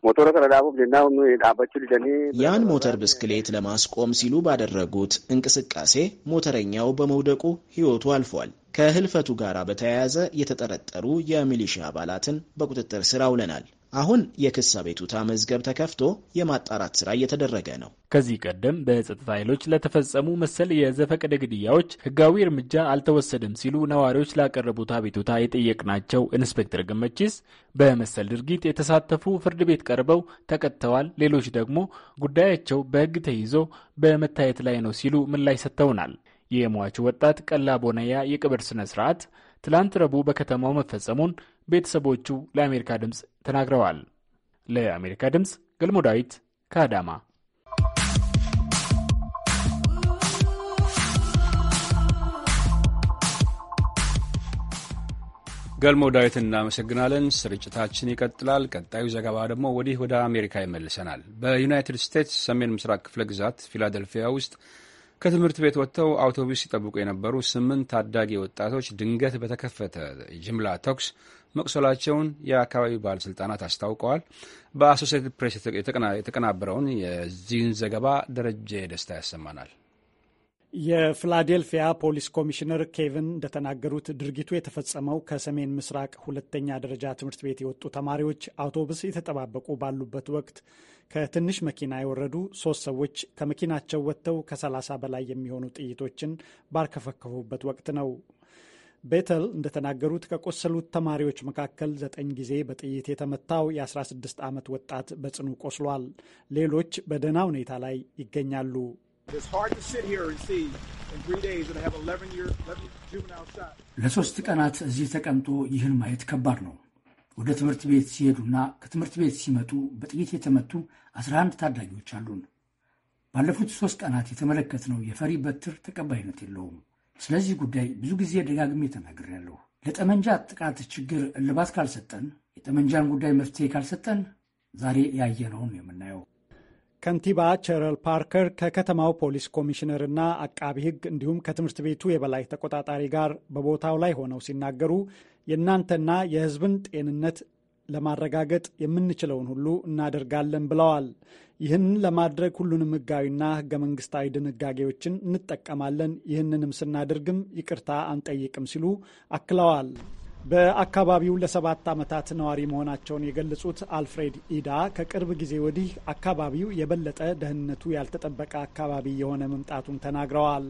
ያን ሞተር ብስክሌት ለማስቆም ሲሉ ባደረጉት እንቅስቃሴ ሞተረኛው በመውደቁ ሕይወቱ አልፏል። ከህልፈቱ ጋር በተያያዘ የተጠረጠሩ የሚሊሻ አባላትን በቁጥጥር ስር አውለናል። አሁን የክስ አቤቱታ መዝገብ ተከፍቶ የማጣራት ስራ እየተደረገ ነው። ከዚህ ቀደም በጸጥታ ኃይሎች ለተፈጸሙ መሰል የዘፈቀደ ግድያዎች ህጋዊ እርምጃ አልተወሰደም ሲሉ ነዋሪዎች ላቀረቡት አቤቱታ የጠየቅናቸው ኢንስፔክተር ገመቺስ በመሰል ድርጊት የተሳተፉ ፍርድ ቤት ቀርበው ተቀጥተዋል፣ ሌሎች ደግሞ ጉዳያቸው በህግ ተይዞ በመታየት ላይ ነው ሲሉ ምላሽ ሰጥተውናል። የሟቹ ወጣት ቀላ ቦነያ የቅብር ስነ ስርዓት ትላንት ረቡዕ በከተማው መፈጸሙን ቤተሰቦቹ ለአሜሪካ ድምፅ ተናግረዋል። ለአሜሪካ ድምፅ ገልሞ ዳዊት ከአዳማ። ገልሞ ዳዊት እናመሰግናለን። ስርጭታችን ይቀጥላል። ቀጣዩ ዘገባ ደግሞ ወዲህ ወደ አሜሪካ ይመልሰናል። በዩናይትድ ስቴትስ ሰሜን ምስራቅ ክፍለ ግዛት ፊላደልፊያ ውስጥ ከትምህርት ቤት ወጥተው አውቶቡስ ሲጠብቁ የነበሩ ስምንት ታዳጊ ወጣቶች ድንገት በተከፈተ ጅምላ ተኩስ መቁሰላቸውን የአካባቢው ባለሥልጣናት አስታውቀዋል። በአሶሴትድ ፕሬስ የተቀናበረውን የዚህን ዘገባ ደረጀ ደስታ ያሰማናል። የፊላዴልፊያ ፖሊስ ኮሚሽነር ኬቨን እንደተናገሩት ድርጊቱ የተፈጸመው ከሰሜን ምስራቅ ሁለተኛ ደረጃ ትምህርት ቤት የወጡ ተማሪዎች አውቶቡስ የተጠባበቁ ባሉበት ወቅት ከትንሽ መኪና የወረዱ ሶስት ሰዎች ከመኪናቸው ወጥተው ከ30 በላይ የሚሆኑ ጥይቶችን ባርከፈከፉበት ወቅት ነው። ቤተል እንደተናገሩት ከቆሰሉት ተማሪዎች መካከል ዘጠኝ ጊዜ በጥይት የተመታው የ16 ዓመት ወጣት በጽኑ ቆስሏል። ሌሎች በደህና ሁኔታ ላይ ይገኛሉ። ለሶስት ቀናት እዚህ ተቀምጦ ይህን ማየት ከባድ ነው። ወደ ትምህርት ቤት ሲሄዱና ከትምህርት ቤት ሲመጡ በጥይት የተመቱ 11 ታዳጊዎች አሉን። ባለፉት ሶስት ቀናት የተመለከትነው የፈሪ በትር ተቀባይነት የለውም። ስለዚህ ጉዳይ ብዙ ጊዜ ደጋግሜ ተናግሬያለሁ። ለጠመንጃ ጥቃት ችግር እልባት ካልሰጠን፣ የጠመንጃን ጉዳይ መፍትሄ ካልሰጠን ዛሬ ያየነውን የምናየው። ከንቲባ ቸረል ፓርከር ከከተማው ፖሊስ ኮሚሽነርና አቃቢ ሕግ እንዲሁም ከትምህርት ቤቱ የበላይ ተቆጣጣሪ ጋር በቦታው ላይ ሆነው ሲናገሩ የእናንተና የሕዝብን ጤንነት ለማረጋገጥ የምንችለውን ሁሉ እናደርጋለን ብለዋል። ይህን ለማድረግ ሁሉንም ህጋዊና ህገ መንግስታዊ ድንጋጌዎችን እንጠቀማለን። ይህንንም ስናደርግም ይቅርታ አንጠይቅም ሲሉ አክለዋል። በአካባቢው ለሰባት ዓመታት ነዋሪ መሆናቸውን የገለጹት አልፍሬድ ኢዳ ከቅርብ ጊዜ ወዲህ አካባቢው የበለጠ ደህንነቱ ያልተጠበቀ አካባቢ የሆነ መምጣቱን ተናግረዋል።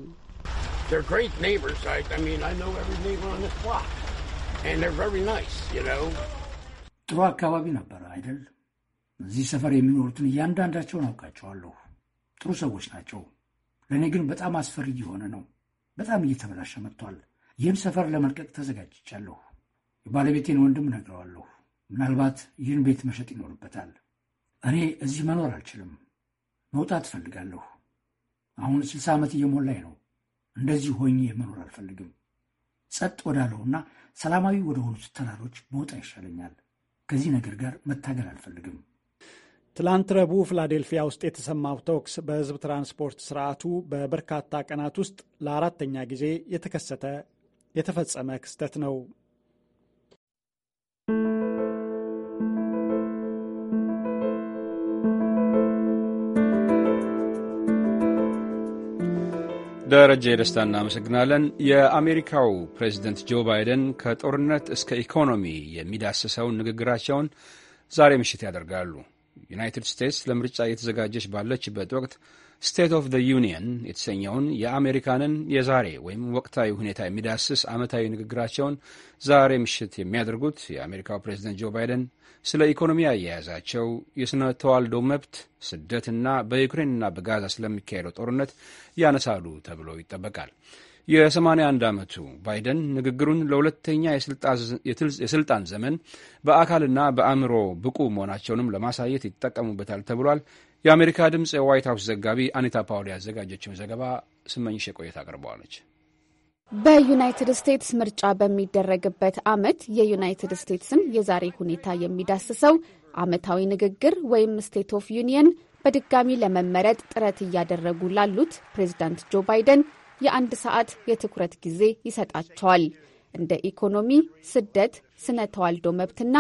ጥሩ አካባቢ ነበረ አይደል? እዚህ ሰፈር የሚኖሩትን እያንዳንዳቸውን አውቃቸዋለሁ። ጥሩ ሰዎች ናቸው። ለእኔ ግን በጣም አስፈሪ እየሆነ ነው። በጣም እየተበላሸ መጥቷል። ይህን ሰፈር ለመልቀቅ ተዘጋጅቻለሁ። የባለቤቴን ወንድም ነግረዋለሁ። ምናልባት ይህን ቤት መሸጥ ይኖርበታል። እኔ እዚህ መኖር አልችልም። መውጣት እፈልጋለሁ። አሁን ስልሳ ዓመት እየሞላኝ ነው። እንደዚህ ሆኜ መኖር አልፈልግም። ጸጥ ወዳለውና ሰላማዊ ወደሆኑት ተራሮች መውጣ ይሻለኛል። ከዚህ ነገር ጋር መታገል አልፈልግም። ትላንት ረቡዕ ፊላዴልፊያ ውስጥ የተሰማው ተኩስ በህዝብ ትራንስፖርት ስርዓቱ በበርካታ ቀናት ውስጥ ለአራተኛ ጊዜ የተከሰተ የተፈጸመ ክስተት ነው። ደረጀ የደስታ እናመሰግናለን። የአሜሪካው ፕሬዚደንት ጆ ባይደን ከጦርነት እስከ ኢኮኖሚ የሚዳስሰውን ንግግራቸውን ዛሬ ምሽት ያደርጋሉ። ዩናይትድ ስቴትስ ለምርጫ እየተዘጋጀች ባለችበት ወቅት ስቴት ኦፍ ዘ ዩኒየን የተሰኘውን የአሜሪካንን የዛሬ ወይም ወቅታዊ ሁኔታ የሚዳስስ ዓመታዊ ንግግራቸውን ዛሬ ምሽት የሚያደርጉት የአሜሪካው ፕሬዝደንት ጆ ባይደን ስለ ኢኮኖሚ አያያዛቸው፣ የሥነ ተዋልዶ መብት፣ ስደትና በዩክሬንና በጋዛ ስለሚካሄደው ጦርነት ያነሳሉ ተብሎ ይጠበቃል። የ81 ዓመቱ ባይደን ንግግሩን ለሁለተኛ የስልጣን ዘመን በአካልና በአእምሮ ብቁ መሆናቸውንም ለማሳየት ይጠቀሙበታል ተብሏል። የአሜሪካ ድምፅ የዋይት ሀውስ ዘጋቢ አኒታ ፓውል ያዘጋጀችውን ዘገባ ስመኝሽ የቆየት አቅርበዋለች። በዩናይትድ ስቴትስ ምርጫ በሚደረግበት ዓመት የዩናይትድ ስቴትስን የዛሬ ሁኔታ የሚዳስሰው ዓመታዊ ንግግር ወይም ስቴት ኦፍ ዩኒየን በድጋሚ ለመመረጥ ጥረት እያደረጉ ላሉት ፕሬዚዳንት ጆ ባይደን የአንድ ሰዓት የትኩረት ጊዜ ይሰጣቸዋል። እንደ ኢኮኖሚ፣ ስደት፣ ስነ ተዋልዶ መብትና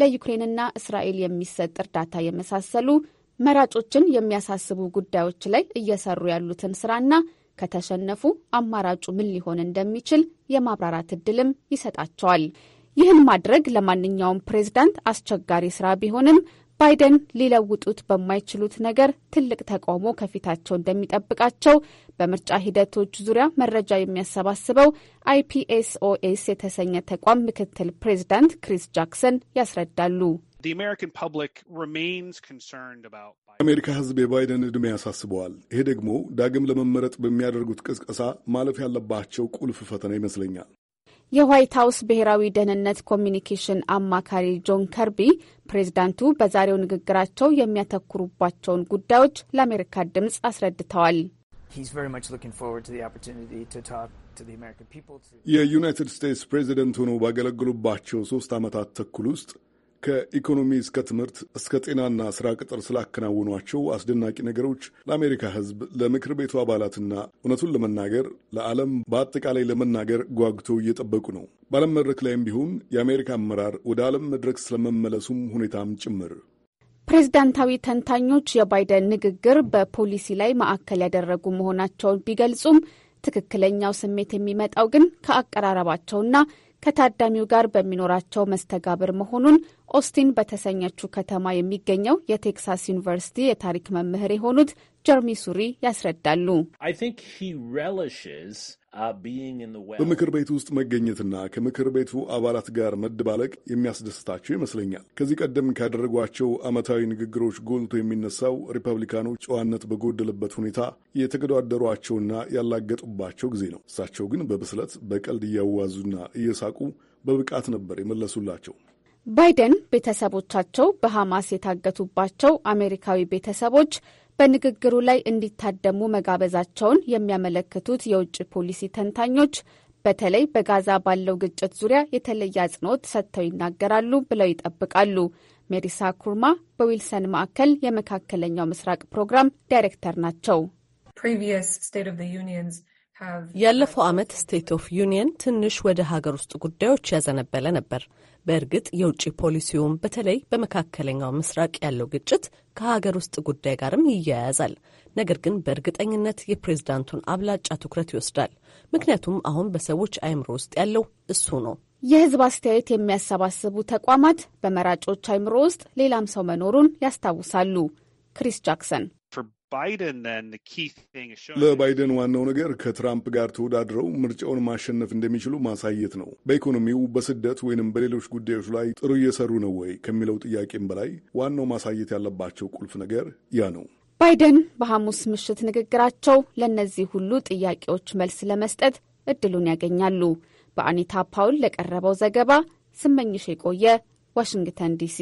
ለዩክሬንና እስራኤል የሚሰጥ እርዳታ የመሳሰሉ መራጮችን የሚያሳስቡ ጉዳዮች ላይ እየሰሩ ያሉትን ስራና ከተሸነፉ አማራጩ ምን ሊሆን እንደሚችል የማብራራት እድልም ይሰጣቸዋል። ይህን ማድረግ ለማንኛውም ፕሬዝዳንት አስቸጋሪ ስራ ቢሆንም ባይደን ሊለውጡት በማይችሉት ነገር ትልቅ ተቃውሞ ከፊታቸው እንደሚጠብቃቸው በምርጫ ሂደቶች ዙሪያ መረጃ የሚያሰባስበው አይፒኤስኦኤስ የተሰኘ ተቋም ምክትል ፕሬዚዳንት ክሪስ ጃክሰን ያስረዳሉ። የአሜሪካ ሕዝብ የባይደን ዕድሜ ያሳስበዋል። ይሄ ደግሞ ዳግም ለመመረጥ በሚያደርጉት ቅስቀሳ ማለፍ ያለባቸው ቁልፍ ፈተና ይመስለኛል። የዋይት ሀውስ ብሔራዊ ደህንነት ኮሚኒኬሽን አማካሪ ጆን ከርቢ ፕሬዝዳንቱ በዛሬው ንግግራቸው የሚያተኩሩባቸውን ጉዳዮች ለአሜሪካ ድምፅ አስረድተዋል። የዩናይትድ ስቴትስ ፕሬዚደንት ሆነው ባገለገሉባቸው ሶስት ዓመታት ተኩል ውስጥ ከኢኮኖሚ እስከ ትምህርት እስከ ጤናና ሥራ ቅጥር ስላከናወኗቸው አስደናቂ ነገሮች ለአሜሪካ ሕዝብ፣ ለምክር ቤቱ አባላትና እውነቱን ለመናገር ለዓለም በአጠቃላይ ለመናገር ጓጉተው እየጠበቁ ነው። በዓለም መድረክ ላይም ቢሆን የአሜሪካ አመራር ወደ ዓለም መድረክ ስለመመለሱም ሁኔታም ጭምር ፕሬዝዳንታዊ ተንታኞች የባይደን ንግግር በፖሊሲ ላይ ማዕከል ያደረጉ መሆናቸውን ቢገልጹም ትክክለኛው ስሜት የሚመጣው ግን ከአቀራረባቸውና ከታዳሚው ጋር በሚኖራቸው መስተጋብር መሆኑን ኦስቲን በተሰኘችው ከተማ የሚገኘው የቴክሳስ ዩኒቨርሲቲ የታሪክ መምህር የሆኑት ጀርሚ ሱሪ ያስረዳሉ። uh, በምክር ቤት ውስጥ መገኘትና ከምክር ቤቱ አባላት ጋር መደባለቅ የሚያስደስታቸው ይመስለኛል። ከዚህ ቀደም ካደረጓቸው ዓመታዊ ንግግሮች ጎልቶ የሚነሳው ሪፐብሊካኖች ጨዋነት በጎደለበት ሁኔታ የተገዳደሯቸውና ያላገጡባቸው ጊዜ ነው። እሳቸው ግን በብስለት በቀልድ እያዋዙና እየሳቁ በብቃት ነበር የመለሱላቸው። ባይደን ቤተሰቦቻቸው በሐማስ የታገቱባቸው አሜሪካዊ ቤተሰቦች በንግግሩ ላይ እንዲታደሙ መጋበዛቸውን የሚያመለክቱት የውጭ ፖሊሲ ተንታኞች በተለይ በጋዛ ባለው ግጭት ዙሪያ የተለየ አጽንኦት ሰጥተው ይናገራሉ ብለው ይጠብቃሉ። ሜሪሳ ኩርማ በዊልሰን ማዕከል የመካከለኛው ምስራቅ ፕሮግራም ዳይሬክተር ናቸው። ያለፈው ዓመት ስቴት ኦፍ ዩኒየን ትንሽ ወደ ሀገር ውስጥ ጉዳዮች ያዘነበለ ነበር። በእርግጥ የውጭ ፖሊሲውም በተለይ በመካከለኛው ምስራቅ ያለው ግጭት ከሀገር ውስጥ ጉዳይ ጋርም ይያያዛል። ነገር ግን በእርግጠኝነት የፕሬዝዳንቱን አብላጫ ትኩረት ይወስዳል። ምክንያቱም አሁን በሰዎች አእምሮ ውስጥ ያለው እሱ ነው። የህዝብ አስተያየት የሚያሰባስቡ ተቋማት በመራጮች አእምሮ ውስጥ ሌላም ሰው መኖሩን ያስታውሳሉ። ክሪስ ጃክሰን ለባይደን ዋናው ነገር ከትራምፕ ጋር ተወዳድረው ምርጫውን ማሸነፍ እንደሚችሉ ማሳየት ነው። በኢኮኖሚው፣ በስደት ወይንም በሌሎች ጉዳዮች ላይ ጥሩ እየሰሩ ነው ወይ ከሚለው ጥያቄም በላይ ዋናው ማሳየት ያለባቸው ቁልፍ ነገር ያ ነው። ባይደን በሐሙስ ምሽት ንግግራቸው ለእነዚህ ሁሉ ጥያቄዎች መልስ ለመስጠት እድሉን ያገኛሉ። በአኒታ ፓውል ለቀረበው ዘገባ ስመኝሽ የቆየ ዋሽንግተን ዲሲ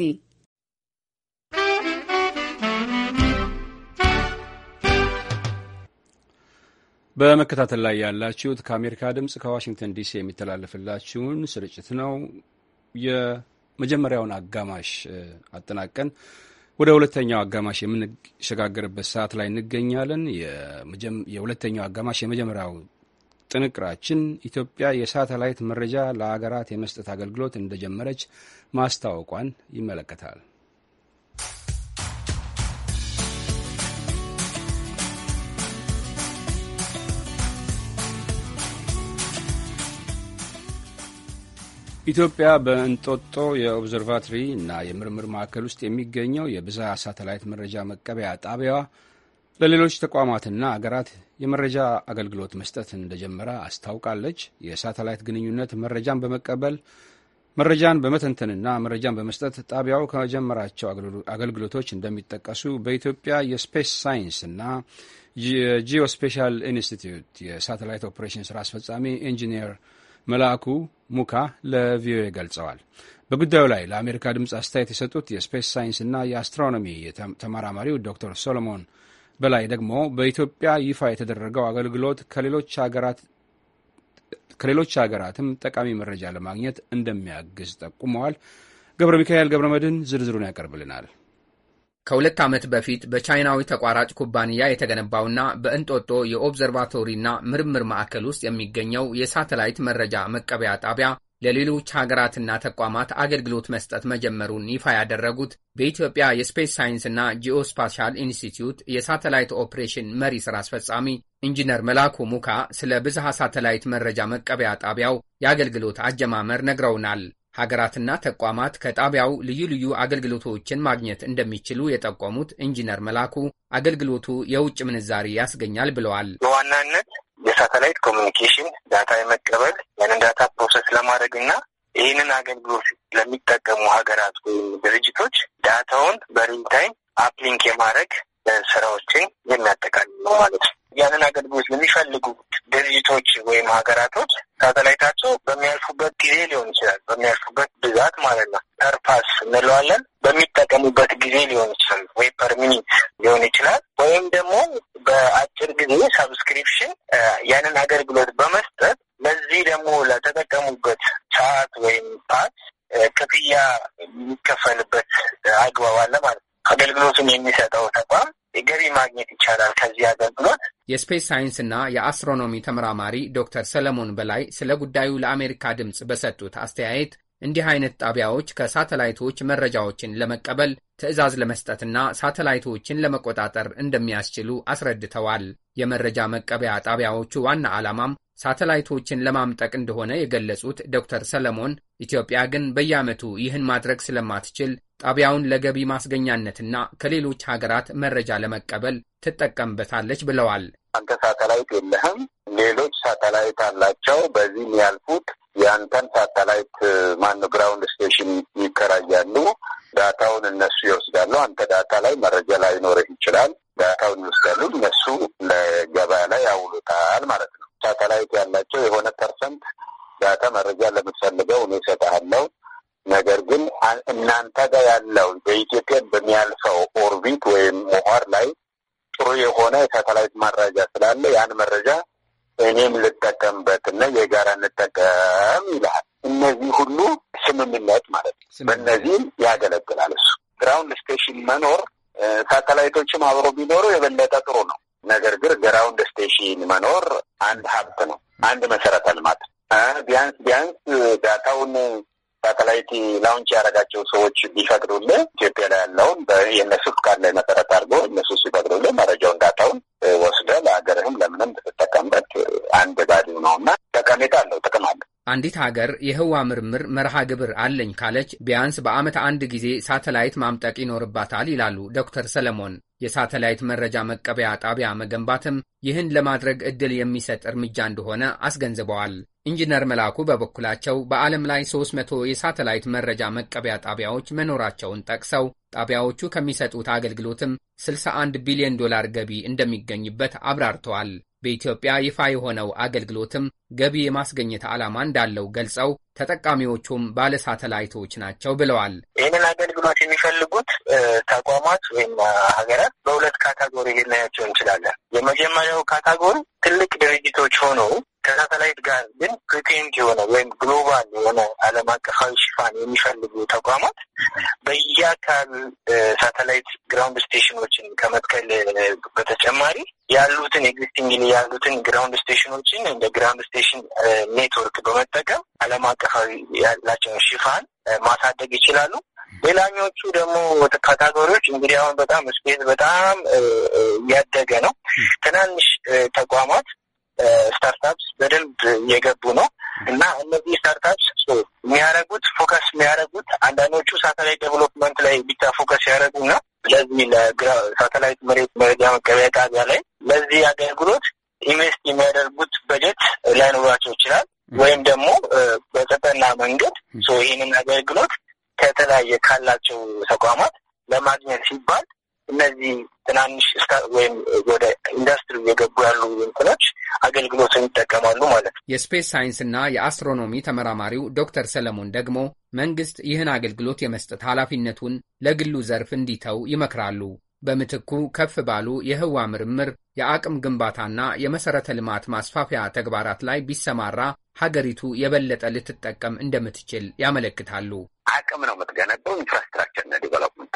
በመከታተል ላይ ያላችሁት ከአሜሪካ ድምፅ ከዋሽንግተን ዲሲ የሚተላለፍላችሁን ስርጭት ነው። የመጀመሪያውን አጋማሽ አጠናቀን ወደ ሁለተኛው አጋማሽ የምንሸጋገርበት ሰዓት ላይ እንገኛለን። የሁለተኛው አጋማሽ የመጀመሪያው ጥንቅራችን ኢትዮጵያ የሳተላይት መረጃ ለሀገራት የመስጠት አገልግሎት እንደጀመረች ማስታወቋን ይመለከታል። ኢትዮጵያ በእንጦጦ የኦብዘርቫቶሪ እና የምርምር ማዕከል ውስጥ የሚገኘው የብዝሃ ሳተላይት መረጃ መቀበያ ጣቢያዋ ለሌሎች ተቋማትና አገራት የመረጃ አገልግሎት መስጠት እንደጀመረ አስታውቃለች። የሳተላይት ግንኙነት መረጃን በመቀበል መረጃን በመተንተንና መረጃን በመስጠት ጣቢያው ከጀመራቸው አገልግሎቶች እንደሚጠቀሱ በኢትዮጵያ የስፔስ ሳይንስ እና የጂኦስፔሻል ኢንስቲትዩት የሳተላይት ኦፕሬሽን ስራ አስፈጻሚ ኢንጂኒየር መልአኩ ሙካ ለቪኦኤ ገልጸዋል። በጉዳዩ ላይ ለአሜሪካ ድምፅ አስተያየት የሰጡት የስፔስ ሳይንስና የአስትሮኖሚ ተመራማሪው ዶክተር ሶሎሞን በላይ ደግሞ በኢትዮጵያ ይፋ የተደረገው አገልግሎት ከሌሎች ሀገራትም ጠቃሚ መረጃ ለማግኘት እንደሚያግዝ ጠቁመዋል። ገብረ ሚካኤል ገብረ መድን ዝርዝሩን ያቀርብልናል። ከሁለት ዓመት በፊት በቻይናዊ ተቋራጭ ኩባንያ የተገነባውና በእንጦጦ የኦብዘርቫቶሪና ምርምር ማዕከል ውስጥ የሚገኘው የሳተላይት መረጃ መቀበያ ጣቢያ ለሌሎች ሀገራትና ተቋማት አገልግሎት መስጠት መጀመሩን ይፋ ያደረጉት በኢትዮጵያ የስፔስ ሳይንስና ጂኦስፓሻል ኢንስቲትዩት የሳተላይት ኦፕሬሽን መሪ ሥራ አስፈጻሚ ኢንጂነር መላኩ ሙካ ስለ ብዝሃ ሳተላይት መረጃ መቀበያ ጣቢያው የአገልግሎት አጀማመር ነግረውናል። ሀገራትና ተቋማት ከጣቢያው ልዩ ልዩ አገልግሎቶችን ማግኘት እንደሚችሉ የጠቆሙት ኢንጂነር መላኩ አገልግሎቱ የውጭ ምንዛሪ ያስገኛል ብለዋል። በዋናነት የሳተላይት ኮሚኒኬሽን ዳታ የመቀበል ያንን ዳታ ፕሮሰስ ለማድረግ እና ይህንን አገልግሎት ለሚጠቀሙ ሀገራት ወይም ድርጅቶች ዳታውን በሪል ታይም አፕሊንክ የማድረግ ስራዎችን የሚያጠቃልል ነው ማለት ነው። ያንን አገልግሎት የሚፈልጉ ድርጅቶች ወይም ሀገራቶች ሳተላይታቸው በሚያልፉበት ጊዜ ሊሆን ይችላል፣ በሚያልፉበት ብዛት ማለት ነው። ፐርፓስ እንለዋለን። በሚጠቀሙበት ጊዜ ሊሆን ይችላል፣ ወይ ፐር ሚኒት ሊሆን ይችላል፣ ወይም ደግሞ በአጭር ጊዜ ሰብስክሪፕሽን ያንን አገልግሎት በመስጠት ለዚህ ደግሞ ለተጠቀሙበት ሰዓት ወይም ፓስ ክፍያ የሚከፈልበት አግባብ አለ ማለት ነው። አገልግሎቱን የሚሰጠው ተቋም ገቢ ማግኘት ይቻላል ከዚህ አገልግሎት። የስፔስ ሳይንስና የአስትሮኖሚ ተመራማሪ ዶክተር ሰለሞን በላይ ስለ ጉዳዩ ለአሜሪካ ድምፅ በሰጡት አስተያየት እንዲህ አይነት ጣቢያዎች ከሳተላይቶች መረጃዎችን ለመቀበል ትዕዛዝ ለመስጠትና ሳተላይቶችን ለመቆጣጠር እንደሚያስችሉ አስረድተዋል። የመረጃ መቀበያ ጣቢያዎቹ ዋና ዓላማም ሳተላይቶችን ለማምጠቅ እንደሆነ የገለጹት ዶክተር ሰለሞን ኢትዮጵያ ግን በየዓመቱ ይህን ማድረግ ስለማትችል ጣቢያውን ለገቢ ማስገኛነትና ከሌሎች ሀገራት መረጃ ለመቀበል ትጠቀምበታለች ብለዋል። አንተ ሳተላይት የለህም፣ ሌሎች ሳተላይት አላቸው። በዚህ የሚያልፉት የአንተን ሳተላይት ማነው ግራውንድ ስቴሽን ይከራያሉ። ዳታውን እነሱ ይወስዳሉ። አንተ ዳታ ላይ መረጃ ላይኖርህ ይችላል። ዳታውን ይወስዳሉ፣ እነሱ ለገበያ ላይ ያውሉታል ማለት ነው። ሳተላይት ያላቸው የሆነ ፐርሰንት ዳታ መረጃ ለምትፈልገው እኔ እሰጥሃለሁ። ነገር ግን እናንተ ጋር ያለው በኢትዮጵያ በሚያልፈው ኦርቢት ወይም መኋር ላይ ጥሩ የሆነ የሳተላይት መረጃ ስላለ ያን መረጃ እኔም ልጠቀምበት እና የጋራ እንጠቀም ይልሃል። እነዚህ ሁሉ ስምምነት ማለት ነው። በእነዚህም ያገለግላል። እሱ ግራውንድ ስቴሽን መኖር ሳተላይቶችም አብሮ ቢኖሩ የበለጠ ጥሩ ነው። ነገር ግን ገራውንድ ስቴሽን መኖር አንድ ሀብት ነው፣ አንድ መሰረተ ልማት ቢያንስ ቢያንስ ዳታውን ሳተላይት ላውንች ያደረጋቸው ሰዎች ቢፈቅዱልን ኢትዮጵያ ላይ ያለውን የእነሱ ፍቃድ ላይ መሰረት አድርጎ እነሱ ሲፈቅዱልን መረጃውን ዳታውን ወስደ ለሀገርህም ለምንም ብትጠቀምበት አንድ ባዲው ነው እና ጠቀሜታ አለው፣ ጥቅም አለው። አንዲት ሀገር የህዋ ምርምር መርሃ ግብር አለኝ ካለች ቢያንስ በዓመት አንድ ጊዜ ሳተላይት ማምጠቅ ይኖርባታል ይላሉ ዶክተር ሰለሞን። የሳተላይት መረጃ መቀበያ ጣቢያ መገንባትም ይህን ለማድረግ ዕድል የሚሰጥ እርምጃ እንደሆነ አስገንዝበዋል። ኢንጂነር መላኩ በበኩላቸው በዓለም ላይ 300 የሳተላይት መረጃ መቀበያ ጣቢያዎች መኖራቸውን ጠቅሰው ጣቢያዎቹ ከሚሰጡት አገልግሎትም 61 ቢሊዮን ዶላር ገቢ እንደሚገኝበት አብራርተዋል። በኢትዮጵያ ይፋ የሆነው አገልግሎትም ገቢ የማስገኘት ዓላማ እንዳለው ገልጸው ተጠቃሚዎቹም ባለ ሳተላይቶች ናቸው ብለዋል። ይህንን አገልግሎት የሚፈልጉት ተቋማት ወይም ሀገራት በሁለት ካታጎሪ ልናያቸው እንችላለን። የመጀመሪያው ካታጎሪ ትልቅ ድርጅቶች ሆነው ከሳተላይት ጋር ግን ፕሪቴንድ የሆነ ወይም ግሎባል የሆነ ዓለም አቀፋዊ ሽፋን የሚፈልጉ ተቋማት በየአካል ሳተላይት ግራውንድ ስቴሽኖችን ከመትከል በተጨማሪ ያሉትን ኤግዚስቲንግ ያሉትን ግራውንድ ስቴሽኖችን እንደ ግራውንድ ስቴሽን ኔትወርክ በመጠቀም ዓለም አቀፋዊ ያላቸውን ሽፋን ማሳደግ ይችላሉ። ሌላኞቹ ደግሞ ካታጎሪዎች እንግዲህ አሁን በጣም ስፔስ በጣም እያደገ ነው። ትናንሽ ተቋማት ስታርታፕስ በደንብ እየገቡ ነው እና እነዚህ ስታርታፕስ የሚያደረጉት ፎከስ የሚያደረጉት አንዳንዶቹ ሳተላይት ዴቨሎፕመንት ላይ ብቻ ፎከስ ያደረጉ እና ለዚህ ሳተላይት መሬት መረጃ መቀበያ ጣቢያ ላይ ለዚህ አገልግሎት ኢንቨስት የሚያደርጉት በጀት ላይኖራቸው ይችላል። ወይም ደግሞ በተጠና መንገድ ይህንን አገልግሎት ከተለያየ ካላቸው ተቋማት ለማግኘት ሲባል እነዚህ ትናንሽ ወይም ወደ ኢንዱስትሪ እየገቡ ያሉ እንትኖች አገልግሎትን ይጠቀማሉ ማለት ነው። የስፔስ ሳይንስና የአስትሮኖሚ ተመራማሪው ዶክተር ሰለሞን ደግሞ መንግስት ይህን አገልግሎት የመስጠት ኃላፊነቱን ለግሉ ዘርፍ እንዲተው ይመክራሉ። በምትኩ ከፍ ባሉ የህዋ ምርምር፣ የአቅም ግንባታና የመሠረተ ልማት ማስፋፊያ ተግባራት ላይ ቢሰማራ ሀገሪቱ የበለጠ ልትጠቀም እንደምትችል ያመለክታሉ። አቅም ነው የምትገነበው ኢንፍራስትራክቸርና ዲቨሎፕመንት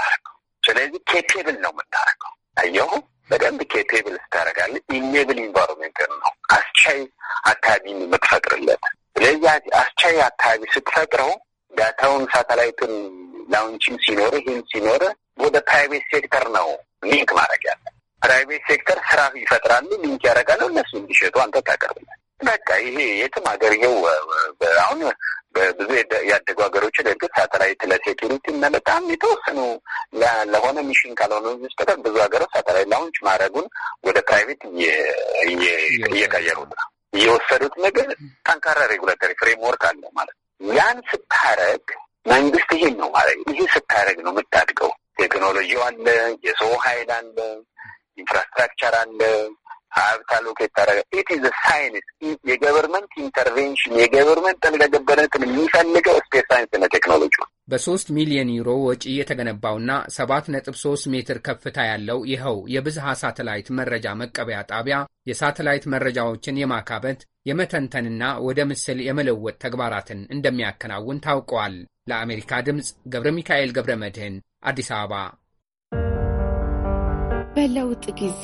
ስለዚህ ኬፔብል ነው የምታደርገው። አየሁ በደንብ ኬፔብል ስታደርጋለህ ኢኔብል ኢንቫይሮንመንት ነው አስቻይ አካባቢ የምትፈጥርለት። ስለዚህ አስቻይ አካባቢ ስትፈጥረው ዳታውን ሳተላይቱን ላውንችን ሲኖር ይህን ሲኖር ወደ ፕራይቬት ሴክተር ነው ሊንክ ማድረግ ያለ ፕራይቬት ሴክተር ስራ ይፈጥራሉ፣ ሊንክ ያደርጋሉ። እነሱ እንዲሸጡ አንተ ታቀርብለን በቃ ይሄ የትም ሀገር ይኸው አሁን ብዙ ያደጉ ሀገሮችን እርግጥ ሳተላይት ለሴኪሪቲ እና በጣም የተወሰኑ ለሆነ ሚሽን ካልሆነ በስተቀር ብዙ ሀገሮች ሳተላይት ላውንች ማድረጉን ወደ ፕራይቬት እየቀየሩ ነው። የወሰዱት ነገር ጠንካራ ሬጉላተሪ ፍሬምወርክ አለ ማለት ነው። ያን ስታረግ መንግስት ይሄን ነው ማለት ይሄ ስታረግ ነው የምታድገው። ቴክኖሎጂው አለ፣ የሰው ሀይል አለ፣ ኢንፍራስትራክቸር አለ ሀብት አሎኬት ታደረገ ኢት ኢዝ ሳይንስ የገቨርንመንት ኢንተርቬንሽን የገቨርንመንት ተነጋገበረትን የሚፈልገው ስፔስ ሳይንስ እና ቴክኖሎጂ። በሶስት ሚሊዮን ዩሮ ወጪ የተገነባውና ሰባት ነጥብ ሶስት ሜትር ከፍታ ያለው ይኸው የብዝሃ ሳተላይት መረጃ መቀበያ ጣቢያ የሳተላይት መረጃዎችን የማካበት የመተንተንና ወደ ምስል የመለወጥ ተግባራትን እንደሚያከናውን ታውቀዋል። ለአሜሪካ ድምፅ ገብረ ሚካኤል ገብረ መድህን አዲስ አበባ። በለውጥ ጊዜ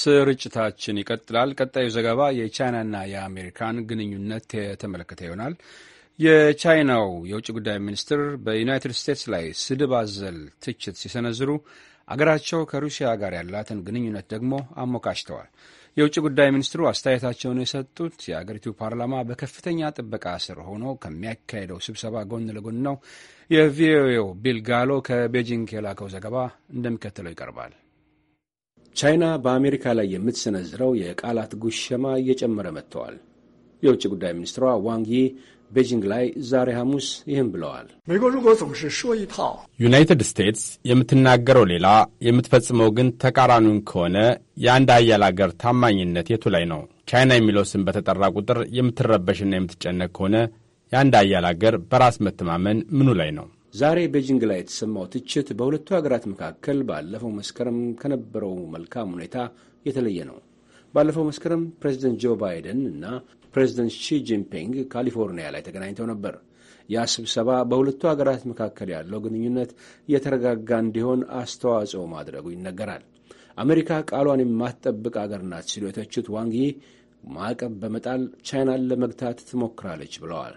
ስርጭታችን ይቀጥላል። ቀጣዩ ዘገባ የቻይናና የአሜሪካን ግንኙነት የተመለከተ ይሆናል። የቻይናው የውጭ ጉዳይ ሚኒስትር በዩናይትድ ስቴትስ ላይ ስድብ አዘል ትችት ሲሰነዝሩ አገራቸው ከሩሲያ ጋር ያላትን ግንኙነት ደግሞ አሞካሽተዋል። የውጭ ጉዳይ ሚኒስትሩ አስተያየታቸውን የሰጡት የአገሪቱ ፓርላማ በከፍተኛ ጥበቃ ስር ሆኖ ከሚያካሄደው ስብሰባ ጎን ለጎን ነው። የቪኦኤው ቢል ጋሎ ከቤጂንግ የላከው ዘገባ እንደሚከተለው ይቀርባል። ቻይና በአሜሪካ ላይ የምትሰነዝረው የቃላት ጉሸማ እየጨመረ መጥተዋል። የውጭ ጉዳይ ሚኒስትሯ ዋንግ ቤጂንግ ላይ ዛሬ ሐሙስ ይህም ብለዋል። ዩናይትድ ስቴትስ የምትናገረው ሌላ የምትፈጽመው ግን ተቃራኒውን ከሆነ የአንድ አያል አገር ታማኝነት የቱ ላይ ነው? ቻይና የሚለው ስም በተጠራ ቁጥር የምትረበሽና የምትጨነቅ ከሆነ የአንድ አያል አገር በራስ መተማመን ምኑ ላይ ነው? ዛሬ ቤጂንግ ላይ የተሰማው ትችት በሁለቱ ሀገራት መካከል ባለፈው መስከረም ከነበረው መልካም ሁኔታ የተለየ ነው። ባለፈው መስከረም ፕሬዚደንት ጆ ባይደን እና ፕሬዚደንት ሺ ጂንፒንግ ካሊፎርኒያ ላይ ተገናኝተው ነበር። ያ ስብሰባ በሁለቱ ሀገራት መካከል ያለው ግንኙነት የተረጋጋ እንዲሆን አስተዋጽኦ ማድረጉ ይነገራል። አሜሪካ ቃሏን የማትጠብቅ አገር ናት ሲሉ የተቹት ዋንጊ ማዕቀብ በመጣል ቻይናን ለመግታት ትሞክራለች ብለዋል።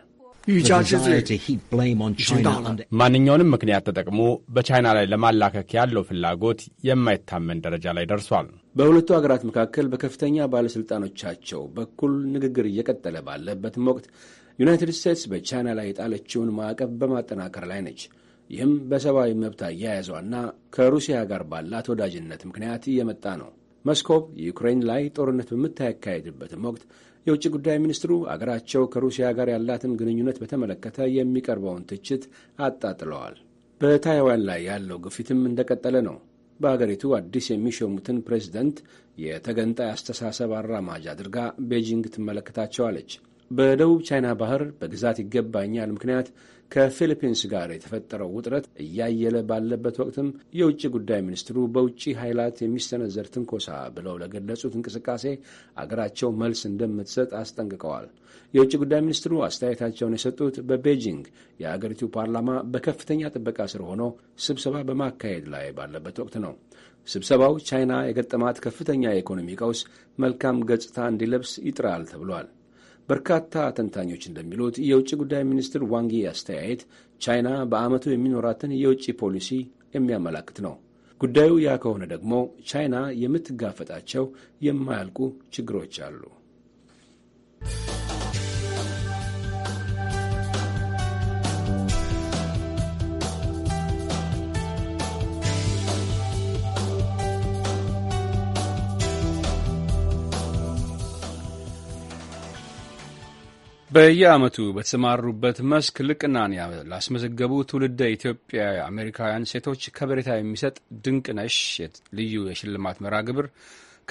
ማንኛውንም ምክንያት ተጠቅሞ በቻይና ላይ ለማላከክ ያለው ፍላጎት የማይታመን ደረጃ ላይ ደርሷል። በሁለቱ ሀገራት መካከል በከፍተኛ ባለሥልጣኖቻቸው በኩል ንግግር እየቀጠለ ባለበትም ወቅት ዩናይትድ ስቴትስ በቻይና ላይ የጣለችውን ማዕቀብ በማጠናከር ላይ ነች። ይህም በሰብአዊ መብት አያያዟና ከሩሲያ ጋር ባላት ወዳጅነት ምክንያት እየመጣ ነው። መስኮቭ ዩክሬን ላይ ጦርነት በምታካሄድበትም ወቅት የውጭ ጉዳይ ሚኒስትሩ አገራቸው ከሩሲያ ጋር ያላትን ግንኙነት በተመለከተ የሚቀርበውን ትችት አጣጥለዋል። በታይዋን ላይ ያለው ግፊትም እንደቀጠለ ነው። በአገሪቱ አዲስ የሚሾሙትን ፕሬዚደንት የተገንጣይ አስተሳሰብ አራማጅ አድርጋ ቤጂንግ ትመለከታቸዋለች። በደቡብ ቻይና ባህር በግዛት ይገባኛል ምክንያት ከፊሊፒንስ ጋር የተፈጠረው ውጥረት እያየለ ባለበት ወቅትም የውጭ ጉዳይ ሚኒስትሩ በውጭ ኃይላት የሚሰነዘር ትንኮሳ ብለው ለገለጹት እንቅስቃሴ አገራቸው መልስ እንደምትሰጥ አስጠንቅቀዋል። የውጭ ጉዳይ ሚኒስትሩ አስተያየታቸውን የሰጡት በቤጂንግ የአገሪቱ ፓርላማ በከፍተኛ ጥበቃ ስር ሆኖ ስብሰባ በማካሄድ ላይ ባለበት ወቅት ነው። ስብሰባው ቻይና የገጠማት ከፍተኛ የኢኮኖሚ ቀውስ መልካም ገጽታ እንዲለብስ ይጥራል ተብሏል። በርካታ ተንታኞች እንደሚሉት የውጭ ጉዳይ ሚኒስትር ዋንጊ አስተያየት ቻይና በዓመቱ የሚኖራትን የውጭ ፖሊሲ የሚያመላክት ነው። ጉዳዩ ያ ከሆነ ደግሞ ቻይና የምትጋፈጣቸው የማያልቁ ችግሮች አሉ። በየዓመቱ በተሰማሩበት መስክ ልቅናን ላስመዘገቡ ትውልደ ኢትዮጵያ አሜሪካውያን ሴቶች ከበሬታ የሚሰጥ ድንቅ ነሽ ልዩ የሽልማት መርሃ ግብር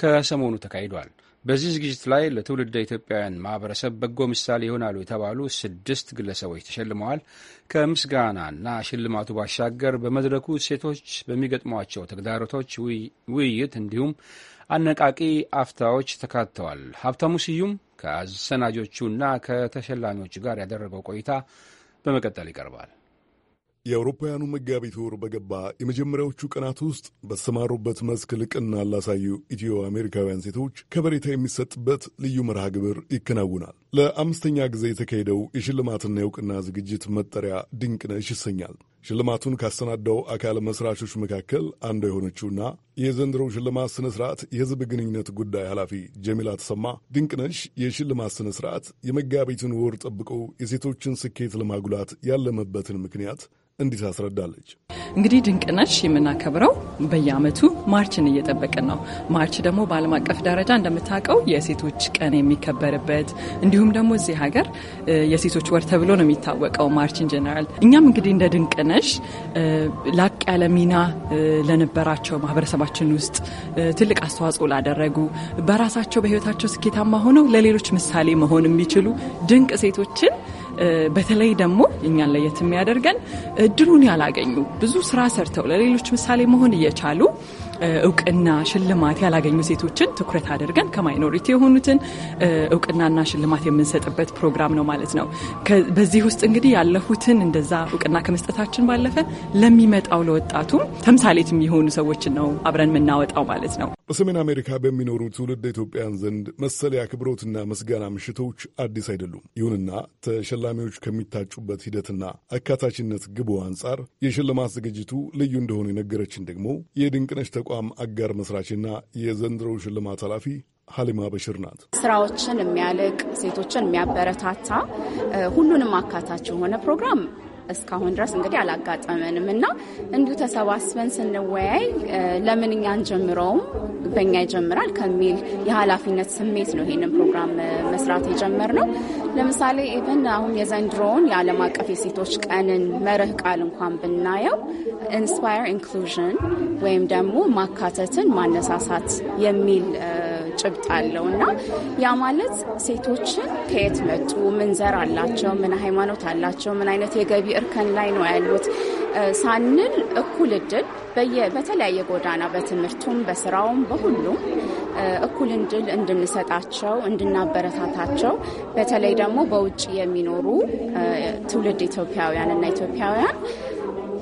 ከሰሞኑ ተካሂዷል። በዚህ ዝግጅት ላይ ለትውልደ ኢትዮጵያውያን ማህበረሰብ በጎ ምሳሌ ይሆናሉ የተባሉ ስድስት ግለሰቦች ተሸልመዋል። ከምስጋናና ሽልማቱ ባሻገር በመድረኩ ሴቶች በሚገጥሟቸው ተግዳሮቶች ውይይት እንዲሁም አነቃቂ አፍታዎች ተካተዋል። ሀብታሙ ስዩም ከአሰናጆቹና ከተሸላሚዎቹ ጋር ያደረገው ቆይታ በመቀጠል ይቀርባል። የአውሮፓውያኑ መጋቢት ወር በገባ የመጀመሪያዎቹ ቀናት ውስጥ በተሰማሩበት መስክ ልቅና ላሳዩ ኢትዮ አሜሪካውያን ሴቶች ከበሬታ የሚሰጥበት ልዩ መርሃ ግብር ይከናውናል። ለአምስተኛ ጊዜ የተካሄደው የሽልማትና የእውቅና ዝግጅት መጠሪያ ድንቅ ነሽ ይሰኛል። ሽልማቱን ካሰናዳው አካል መስራቾች መካከል አንዱ የሆነችውና የዘንድሮው ሽልማት ስነ ስርዓት የህዝብ ግንኙነት ጉዳይ ኃላፊ ጀሚላ ተሰማ ድንቅነሽ የሽልማት ስነ ስርዓት የመጋቢትን ወር ጠብቆ የሴቶችን ስኬት ለማጉላት ያለመበትን ምክንያት እንዲህ አስረዳለች። እንግዲህ ድንቅነሽ የምናከብረው በየአመቱ ማርችን እየጠበቅን ነው። ማርች ደግሞ በዓለም አቀፍ ደረጃ እንደምታውቀው የሴቶች ቀን የሚከበርበት እንዲሁም ደግሞ እዚህ ሀገር የሴቶች ወር ተብሎ ነው የሚታወቀው ማርችን ጀነራል። እኛም እንግዲህ እንደ ድንቅነሽ ላቅ ያለ ሚና ለነበራቸው ማህበረሰባችን ውስጥ ትልቅ አስተዋጽኦ ላደረጉ በራሳቸው በህይወታቸው ስኬታማ ሆነው ለሌሎች ምሳሌ መሆን የሚችሉ ድንቅ ሴቶችን በተለይ ደግሞ እኛን ለየት የሚያደርገን እድሉን ያላገኙ ብዙ ስራ ሰርተው ለሌሎች ምሳሌ መሆን እየቻሉ እውቅና ሽልማት ያላገኙ ሴቶችን ትኩረት አድርገን ከማይኖሪቲ የሆኑትን እውቅናና ሽልማት የምንሰጥበት ፕሮግራም ነው ማለት ነው። በዚህ ውስጥ እንግዲህ ያለፉትን እንደዛ እውቅና ከመስጠታችን ባለፈ ለሚመጣው ለወጣቱም ተምሳሌት የሚሆኑ ሰዎችን ነው አብረን የምናወጣው ማለት ነው። በሰሜን አሜሪካ በሚኖሩ ትውልድ ኢትዮጵያን ዘንድ መሰል የአክብሮትና ምስጋና ምሽቶች አዲስ አይደሉም። ይሁንና ተሸላሚዎች ከሚታጩበት ሂደትና አካታችነት ግቡ አንጻር የሽልማት ዝግጅቱ ልዩ እንደሆነ የነገረችን ደግሞ የድንቅነች ተቋ ተቋም አጋር መስራችና የዘንድሮው ሽልማት ኃላፊ ሀሊማ በሽር ናት። ስራዎችን የሚያልቅ ሴቶችን የሚያበረታታ ሁሉንም አካታች የሆነ ፕሮግራም እስካሁን ድረስ እንግዲህ አላጋጠመንም እና እንዲሁ ተሰባስበን ስንወያይ ለምን እኛ አንጀምረውም በእኛ ይጀምራል ከሚል የኃላፊነት ስሜት ነው ይህንን ፕሮግራም መስራት የጀመርነው። ለምሳሌ ኢቨን አሁን የዘንድሮውን የዓለም አቀፍ የሴቶች ቀንን መርህ ቃል እንኳን ብናየው ኢንስፓየር ኢንክሉዥን ወይም ደግሞ ማካተትን ማነሳሳት የሚል ጭብጥ አለው እና ያ ማለት ሴቶችን ከየት መጡ፣ ምን ዘር አላቸው፣ ምን ሃይማኖት አላቸው፣ ምን አይነት የገቢ እርከን ላይ ነው ያሉት ሳንል እኩል እድል በተለያየ ጎዳና በትምህርቱም በስራውም በሁሉም እኩል እድል እንድንሰጣቸው እንድናበረታታቸው በተለይ ደግሞ በውጭ የሚኖሩ ትውልድ ኢትዮጵያውያን እና ኢትዮጵያውያን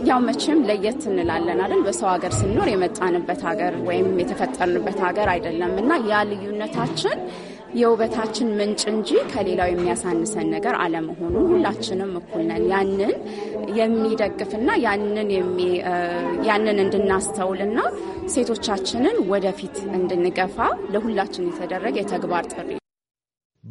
ያው መቼም ለየት እንላለን አይደል? በሰው ሀገር ስንኖር የመጣንበት ሀገር ወይም የተፈጠርንበት ሀገር አይደለም እና ያ ልዩነታችን የውበታችን ምንጭ እንጂ ከሌላው የሚያሳንሰን ነገር አለመሆኑን ሁላችንም እኩል ነን። ያንን የሚደግፍና ያንን ያንን እንድናስተውልና ሴቶቻችንን ወደፊት እንድንገፋ ለሁላችን የተደረገ የተግባር ጥሪ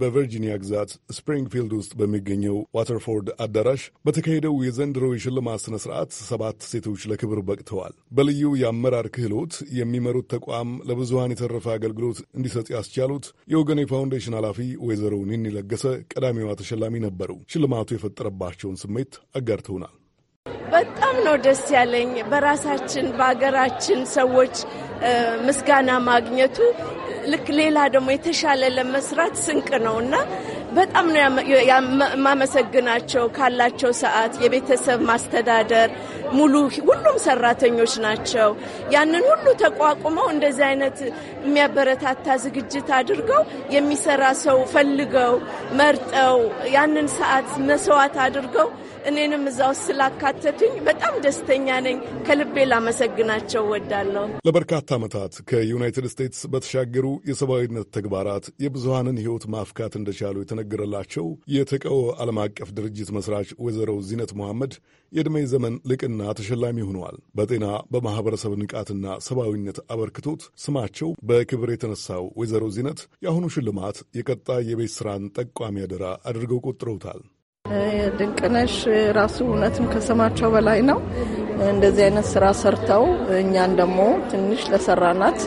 በቨርጂኒያ ግዛት ስፕሪንግፊልድ ውስጥ በሚገኘው ዋተርፎርድ አዳራሽ በተካሄደው የዘንድሮ የሽልማት ስነ ስርዓት ሰባት ሴቶች ለክብር በቅተዋል። በልዩ የአመራር ክህሎት የሚመሩት ተቋም ለብዙሃን የተረፈ አገልግሎት እንዲሰጥ ያስቻሉት የወገኔ ፋውንዴሽን ኃላፊ ወይዘሮ ኒኒ ለገሰ ቀዳሚዋ ተሸላሚ ነበሩ። ሽልማቱ የፈጠረባቸውን ስሜት አጋርተውናል። በጣም ነው ደስ ያለኝ በራሳችን በሀገራችን ሰዎች ምስጋና ማግኘቱ ልክ ሌላ ደግሞ የተሻለ ለመስራት ስንቅ ነው እና በጣም ነው የማመሰግናቸው። ካላቸው ሰዓት የቤተሰብ ማስተዳደር ሙሉ ሁሉም ሰራተኞች ናቸው። ያንን ሁሉ ተቋቁመው እንደዚህ አይነት የሚያበረታታ ዝግጅት አድርገው የሚሰራ ሰው ፈልገው መርጠው ያንን ሰዓት መስዋዕት አድርገው እኔንም እዛ ውስጥ ስላካተቱኝ በጣም ደስተኛ ነኝ። ከልቤ ላመሰግናቸው ወዳለሁ። ለበርካታ ዓመታት ከዩናይትድ ስቴትስ በተሻገሩ የሰብአዊነት ተግባራት የብዙሃንን ሕይወት ማፍካት እንደቻሉ የተነገረላቸው የተቀወ ዓለም አቀፍ ድርጅት መስራች ወይዘሮ ዚነት መሐመድ የዕድሜ ዘመን ልቅና ተሸላሚ ሆነዋል። በጤና በማህበረሰብ ንቃትና ሰብአዊነት አበርክቶት ስማቸው በክብር የተነሳው ወይዘሮ ዚነት የአሁኑ ሽልማት የቀጣይ የቤት ሥራን ጠቋሚ አደራ አድርገው ቆጥረውታል። ድንቅነሽ ራሱ እውነትም ከሰማቸው በላይ ነው። እንደዚህ አይነት ስራ ሰርተው እኛን ደግሞ ትንሽ ለሰራናት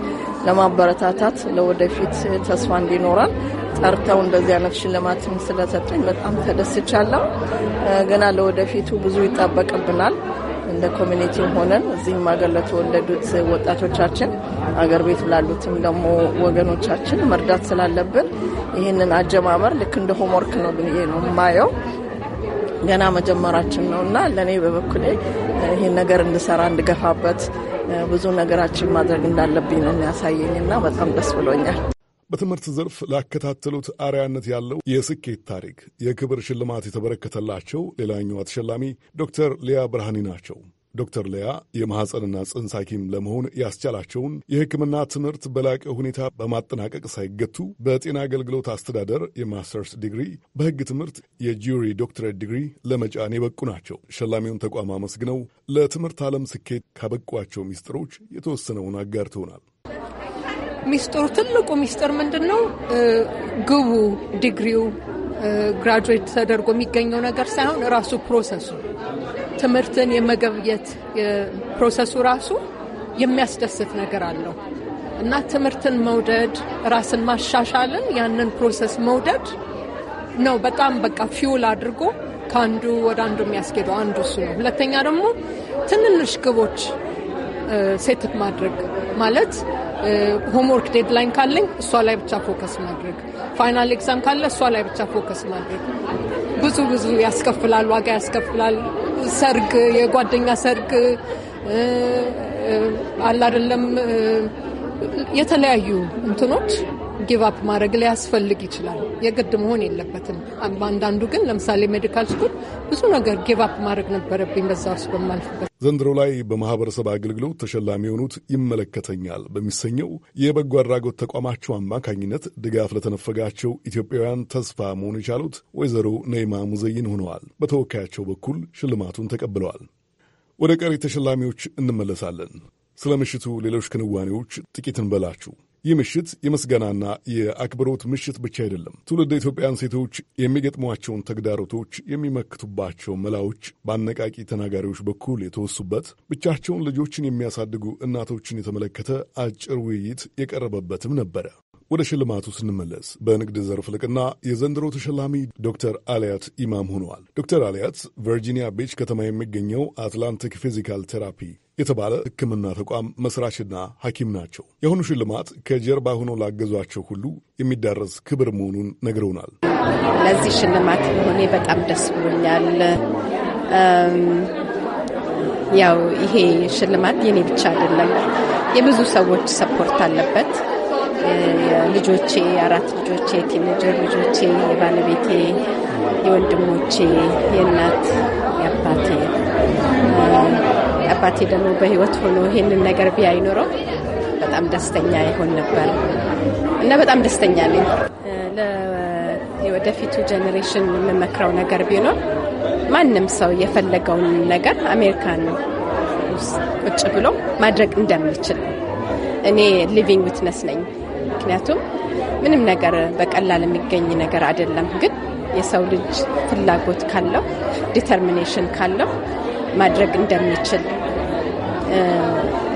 ለማበረታታት ለወደፊት ተስፋ እንዲኖራል ጠርተው እንደዚህ አይነት ሽልማትም ስለሰጡኝ በጣም ተደስቻለሁ። ገና ለወደፊቱ ብዙ ይጠበቅብናል። እንደ ኮሚኒቲ ሆነን እዚህም ሀገር ለተወለዱት ወጣቶቻችን አገር ቤት ላሉትም ደግሞ ወገኖቻችን መርዳት ስላለብን ይህንን አጀማመር ልክ እንደ ሆምወርክ ነው ብዬ ነው የማየው። ገና መጀመራችን ነው እና ለእኔ በበኩሌ ይህን ነገር እንድሰራ እንድገፋበት ብዙ ነገራችን ማድረግ እንዳለብኝ ያሳየኝ እና በጣም ደስ ብሎኛል። በትምህርት ዘርፍ ላከታተሉት አርያነት ያለው የስኬት ታሪክ የክብር ሽልማት የተበረከተላቸው ሌላኛዋ ተሸላሚ ዶክተር ሊያ ብርሃኒ ናቸው። ዶክተር ሊያ የማኅፀንና ጽንስ ሐኪም ለመሆን ያስቻላቸውን የሕክምና ትምህርት በላቀ ሁኔታ በማጠናቀቅ ሳይገቱ በጤና አገልግሎት አስተዳደር የማስተርስ ዲግሪ፣ በሕግ ትምህርት የጂሪ ዶክትሬት ዲግሪ ለመጫን የበቁ ናቸው። ሸላሚውን ተቋም አመስግነው ለትምህርት ዓለም ስኬት ካበቋቸው ሚስጥሮች የተወሰነውን አጋርተውናል። ሚስጥሩ ትልቁ ሚስጥር ምንድን ነው? ግቡ ዲግሪው ግራጁዌት ተደርጎ የሚገኘው ነገር ሳይሆን ራሱ ፕሮሰሱ ትምህርትን የመገብየት ፕሮሰሱ ራሱ የሚያስደስት ነገር አለው እና ትምህርትን መውደድ፣ ራስን ማሻሻልን ያንን ፕሮሰስ መውደድ ነው በጣም በቃ ፊውል አድርጎ ከአንዱ ወደ አንዱ የሚያስኬደው አንዱ እሱ ነው። ሁለተኛ ደግሞ ትንንሽ ግቦች ሴትት ማድረግ ማለት ሆምወርክ ዴድላይን ካለኝ እሷ ላይ ብቻ ፎከስ ማድረግ፣ ፋይናል ኤግዛም ካለ እሷ ላይ ብቻ ፎከስ ማድረግ ብዙ ብዙ ያስከፍላል፣ ዋጋ ያስከፍላል። ሰርግ፣ የጓደኛ ሰርግ አላደለም የተለያዩ እንትኖች ጊቫፕ ማድረግ ሊያስፈልግ ይችላል። የግድ መሆን የለበትም። በአንዳንዱ ግን ለምሳሌ ሜዲካል ስኩል ብዙ ነገር ጊቫፕ ማድረግ ነበረብኝ በዛ ውስጥ በማልፍበት ዘንድሮ ላይ በማህበረሰብ አገልግሎት ተሸላሚ የሆኑት ይመለከተኛል በሚሰኘው የበጎ አድራጎት ተቋማቸው አማካኝነት ድጋፍ ለተነፈጋቸው ኢትዮጵያውያን ተስፋ መሆን የቻሉት ወይዘሮ ነይማ ሙዘይን ሆነዋል። በተወካያቸው በኩል ሽልማቱን ተቀብለዋል። ወደ ቀሪ ተሸላሚዎች እንመለሳለን። ስለ ምሽቱ ሌሎች ክንዋኔዎች ጥቂት እንበላችሁ። ይህ ምሽት የምስጋናና የአክብሮት ምሽት ብቻ አይደለም። ትውልድ ኢትዮጵያን ሴቶች የሚገጥሟቸውን ተግዳሮቶች የሚመክቱባቸው መላዎች በአነቃቂ ተናጋሪዎች በኩል የተወሱበት፣ ብቻቸውን ልጆችን የሚያሳድጉ እናቶችን የተመለከተ አጭር ውይይት የቀረበበትም ነበረ። ወደ ሽልማቱ ስንመለስ በንግድ ዘርፍ ልቅና የዘንድሮ ተሸላሚ ዶክተር አልያት ኢማም ሆነዋል። ዶክተር አልያት ቨርጂኒያ ቤች ከተማ የሚገኘው አትላንቲክ ፊዚካል ቴራፒ የተባለ ሕክምና ተቋም መስራችና ሐኪም ናቸው። የአሁኑ ሽልማት ከጀርባ ሆኖ ላገዟቸው ሁሉ የሚዳረስ ክብር መሆኑን ነግረውናል። ለዚህ ሽልማት መሆኔ በጣም ደስ ብሎኛል። ያው ይሄ ሽልማት የኔ ብቻ አይደለም፣ የብዙ ሰዎች ሰፖርት አለበት። ልጆቼ፣ አራት ልጆቼ፣ ቲኔጀር ልጆቼ፣ የባለቤቴ፣ የወንድሞቼ፣ የእናት፣ የአባቴ አባቴ ደግሞ በህይወት ሆኖ ይሄንን ነገር ቢያይ ኖሮ በጣም ደስተኛ ይሆን ነበር እና በጣም ደስተኛ ነኝ። ለወደፊቱ ጀኔሬሽን የምመክረው ነገር ቢኖር ማንም ሰው የፈለገውን ነገር አሜሪካን ቁጭ ብሎ ማድረግ እንደሚችል እኔ ሊቪንግ ዊትነስ ነኝ። ምክንያቱም ምንም ነገር በቀላል የሚገኝ ነገር አይደለም። ግን የሰው ልጅ ፍላጎት ካለው ዲተርሚኔሽን ካለው ማድረግ እንደሚችል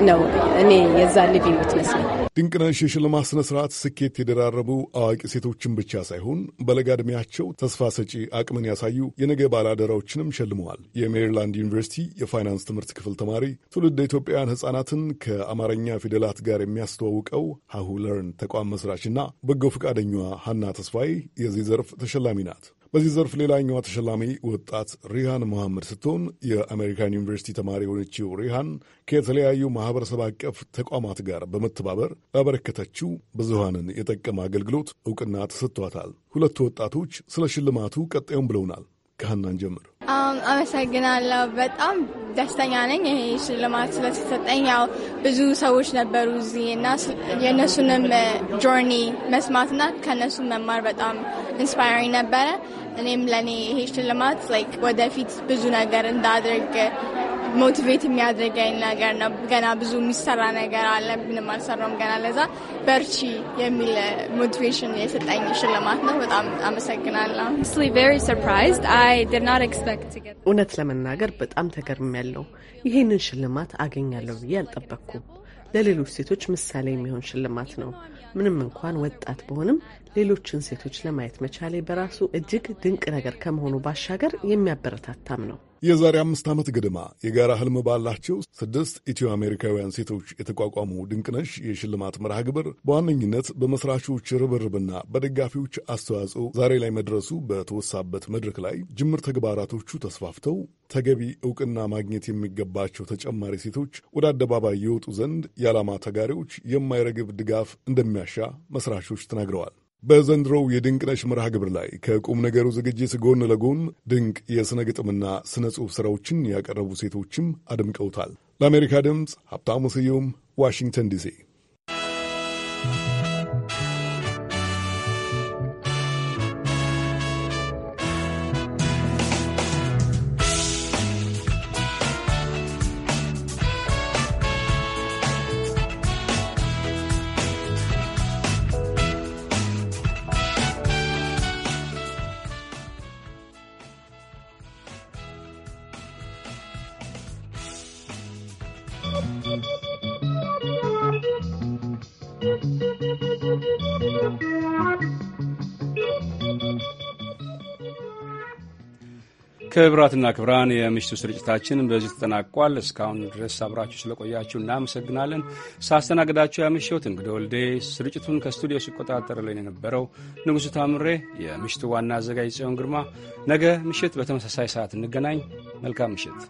ነው እኔ የዛ ልጅ የምትመስለው። ድንቅነሽ የሽልማት ስነ ስርዓት ስኬት የደራረቡ አዋቂ ሴቶችን ብቻ ሳይሆን በለጋ ዕድሜያቸው ተስፋ ሰጪ አቅምን ያሳዩ የነገ ባላደራዎችንም ሸልመዋል። የሜሪላንድ ዩኒቨርሲቲ የፋይናንስ ትምህርት ክፍል ተማሪ ትውልድ ኢትዮጵያውያን ሕጻናትን ከአማርኛ ፊደላት ጋር የሚያስተዋውቀው ሀሁ ለርን ተቋም መስራችና በጎ ፈቃደኛዋ ሀና ተስፋዬ የዚህ ዘርፍ ተሸላሚ ናት። በዚህ ዘርፍ ሌላኛዋ ተሸላሚ ወጣት ሪሃን መሐመድ ስትሆን የአሜሪካን ዩኒቨርሲቲ ተማሪ የሆነችው ሪሃን ከተለያዩ ማህበረሰብ አቀፍ ተቋማት ጋር በመተባበር ያበረከተችው ብዙሃንን የጠቀመ አገልግሎት እውቅና ተሰጥቷታል። ሁለቱ ወጣቶች ስለ ሽልማቱ ቀጣዩን ብለውናል። ካህናን ጀምር አመሰግናለሁ። በጣም ደስተኛ ነኝ ይሄ ሽልማት ስለተሰጠኝ። ያው ብዙ ሰዎች ነበሩ እዚህ እና የእነሱንም ጆርኒ መስማትና ከእነሱ መማር በጣም ኢንስፓይሪንግ ነበረ። እኔም ለእኔ ይሄ ሽልማት ወደፊት ብዙ ነገር እንዳድርግ ሞቲቬት የሚያደርገኝ ነገር ነው። ገና ብዙ የሚሰራ ነገር አለ፣ ምንም አልሰራውም ገና። ለዛ በርቺ የሚል ሞቲቬሽን የሰጠኝ ሽልማት ነው። በጣም አመሰግናለሁ። እውነት ለመናገር በጣም ተገርሚያለሁ። ይህንን ሽልማት አገኛለሁ ብዬ አልጠበቅኩም። ለሌሎች ሴቶች ምሳሌ የሚሆን ሽልማት ነው። ምንም እንኳን ወጣት በሆንም ሌሎችን ሴቶች ለማየት መቻሌ በራሱ እጅግ ድንቅ ነገር ከመሆኑ ባሻገር የሚያበረታታም ነው። የዛሬ አምስት ዓመት ገደማ የጋራ ህልም ባላቸው ስድስት ኢትዮ አሜሪካውያን ሴቶች የተቋቋሙ ድንቅነሽ የሽልማት መርሃ ግብር በዋነኝነት በመስራቾች ርብርብና በደጋፊዎች አስተዋጽኦ ዛሬ ላይ መድረሱ በተወሳበት መድረክ ላይ ጅምር ተግባራቶቹ ተስፋፍተው ተገቢ እውቅና ማግኘት የሚገባቸው ተጨማሪ ሴቶች ወደ አደባባይ የወጡ ዘንድ የዓላማ ተጋሪዎች የማይረግብ ድጋፍ እንደሚያሻ መስራቾች ተናግረዋል። በዘንድሮው የድንቅነሽ መርሃ ግብር ላይ ከቁም ነገሩ ዝግጅት ጎን ለጎን ድንቅ የሥነ ግጥምና ሥነ ጽሑፍ ሥራዎችን ያቀረቡ ሴቶችም አድምቀውታል። ለአሜሪካ ድምፅ ሀብታሙ ስዩም ዋሽንግተን ዲሲ። ክብራትና ክብራን የምሽቱ ስርጭታችን በዚህ ተጠናቋል። እስካሁን ድረስ አብራችሁ ስለቆያችሁ እናመሰግናለን። ሳስተናግዳችሁ ያመሸሁት እንግዲህ ወልዴ፣ ስርጭቱን ከስቱዲዮ ሲቆጣጠርልን የነበረው ንጉሡ ታምሬ፣ የምሽቱ ዋና አዘጋጅ ጽዮን ግርማ። ነገ ምሽት በተመሳሳይ ሰዓት እንገናኝ። መልካም ምሽት።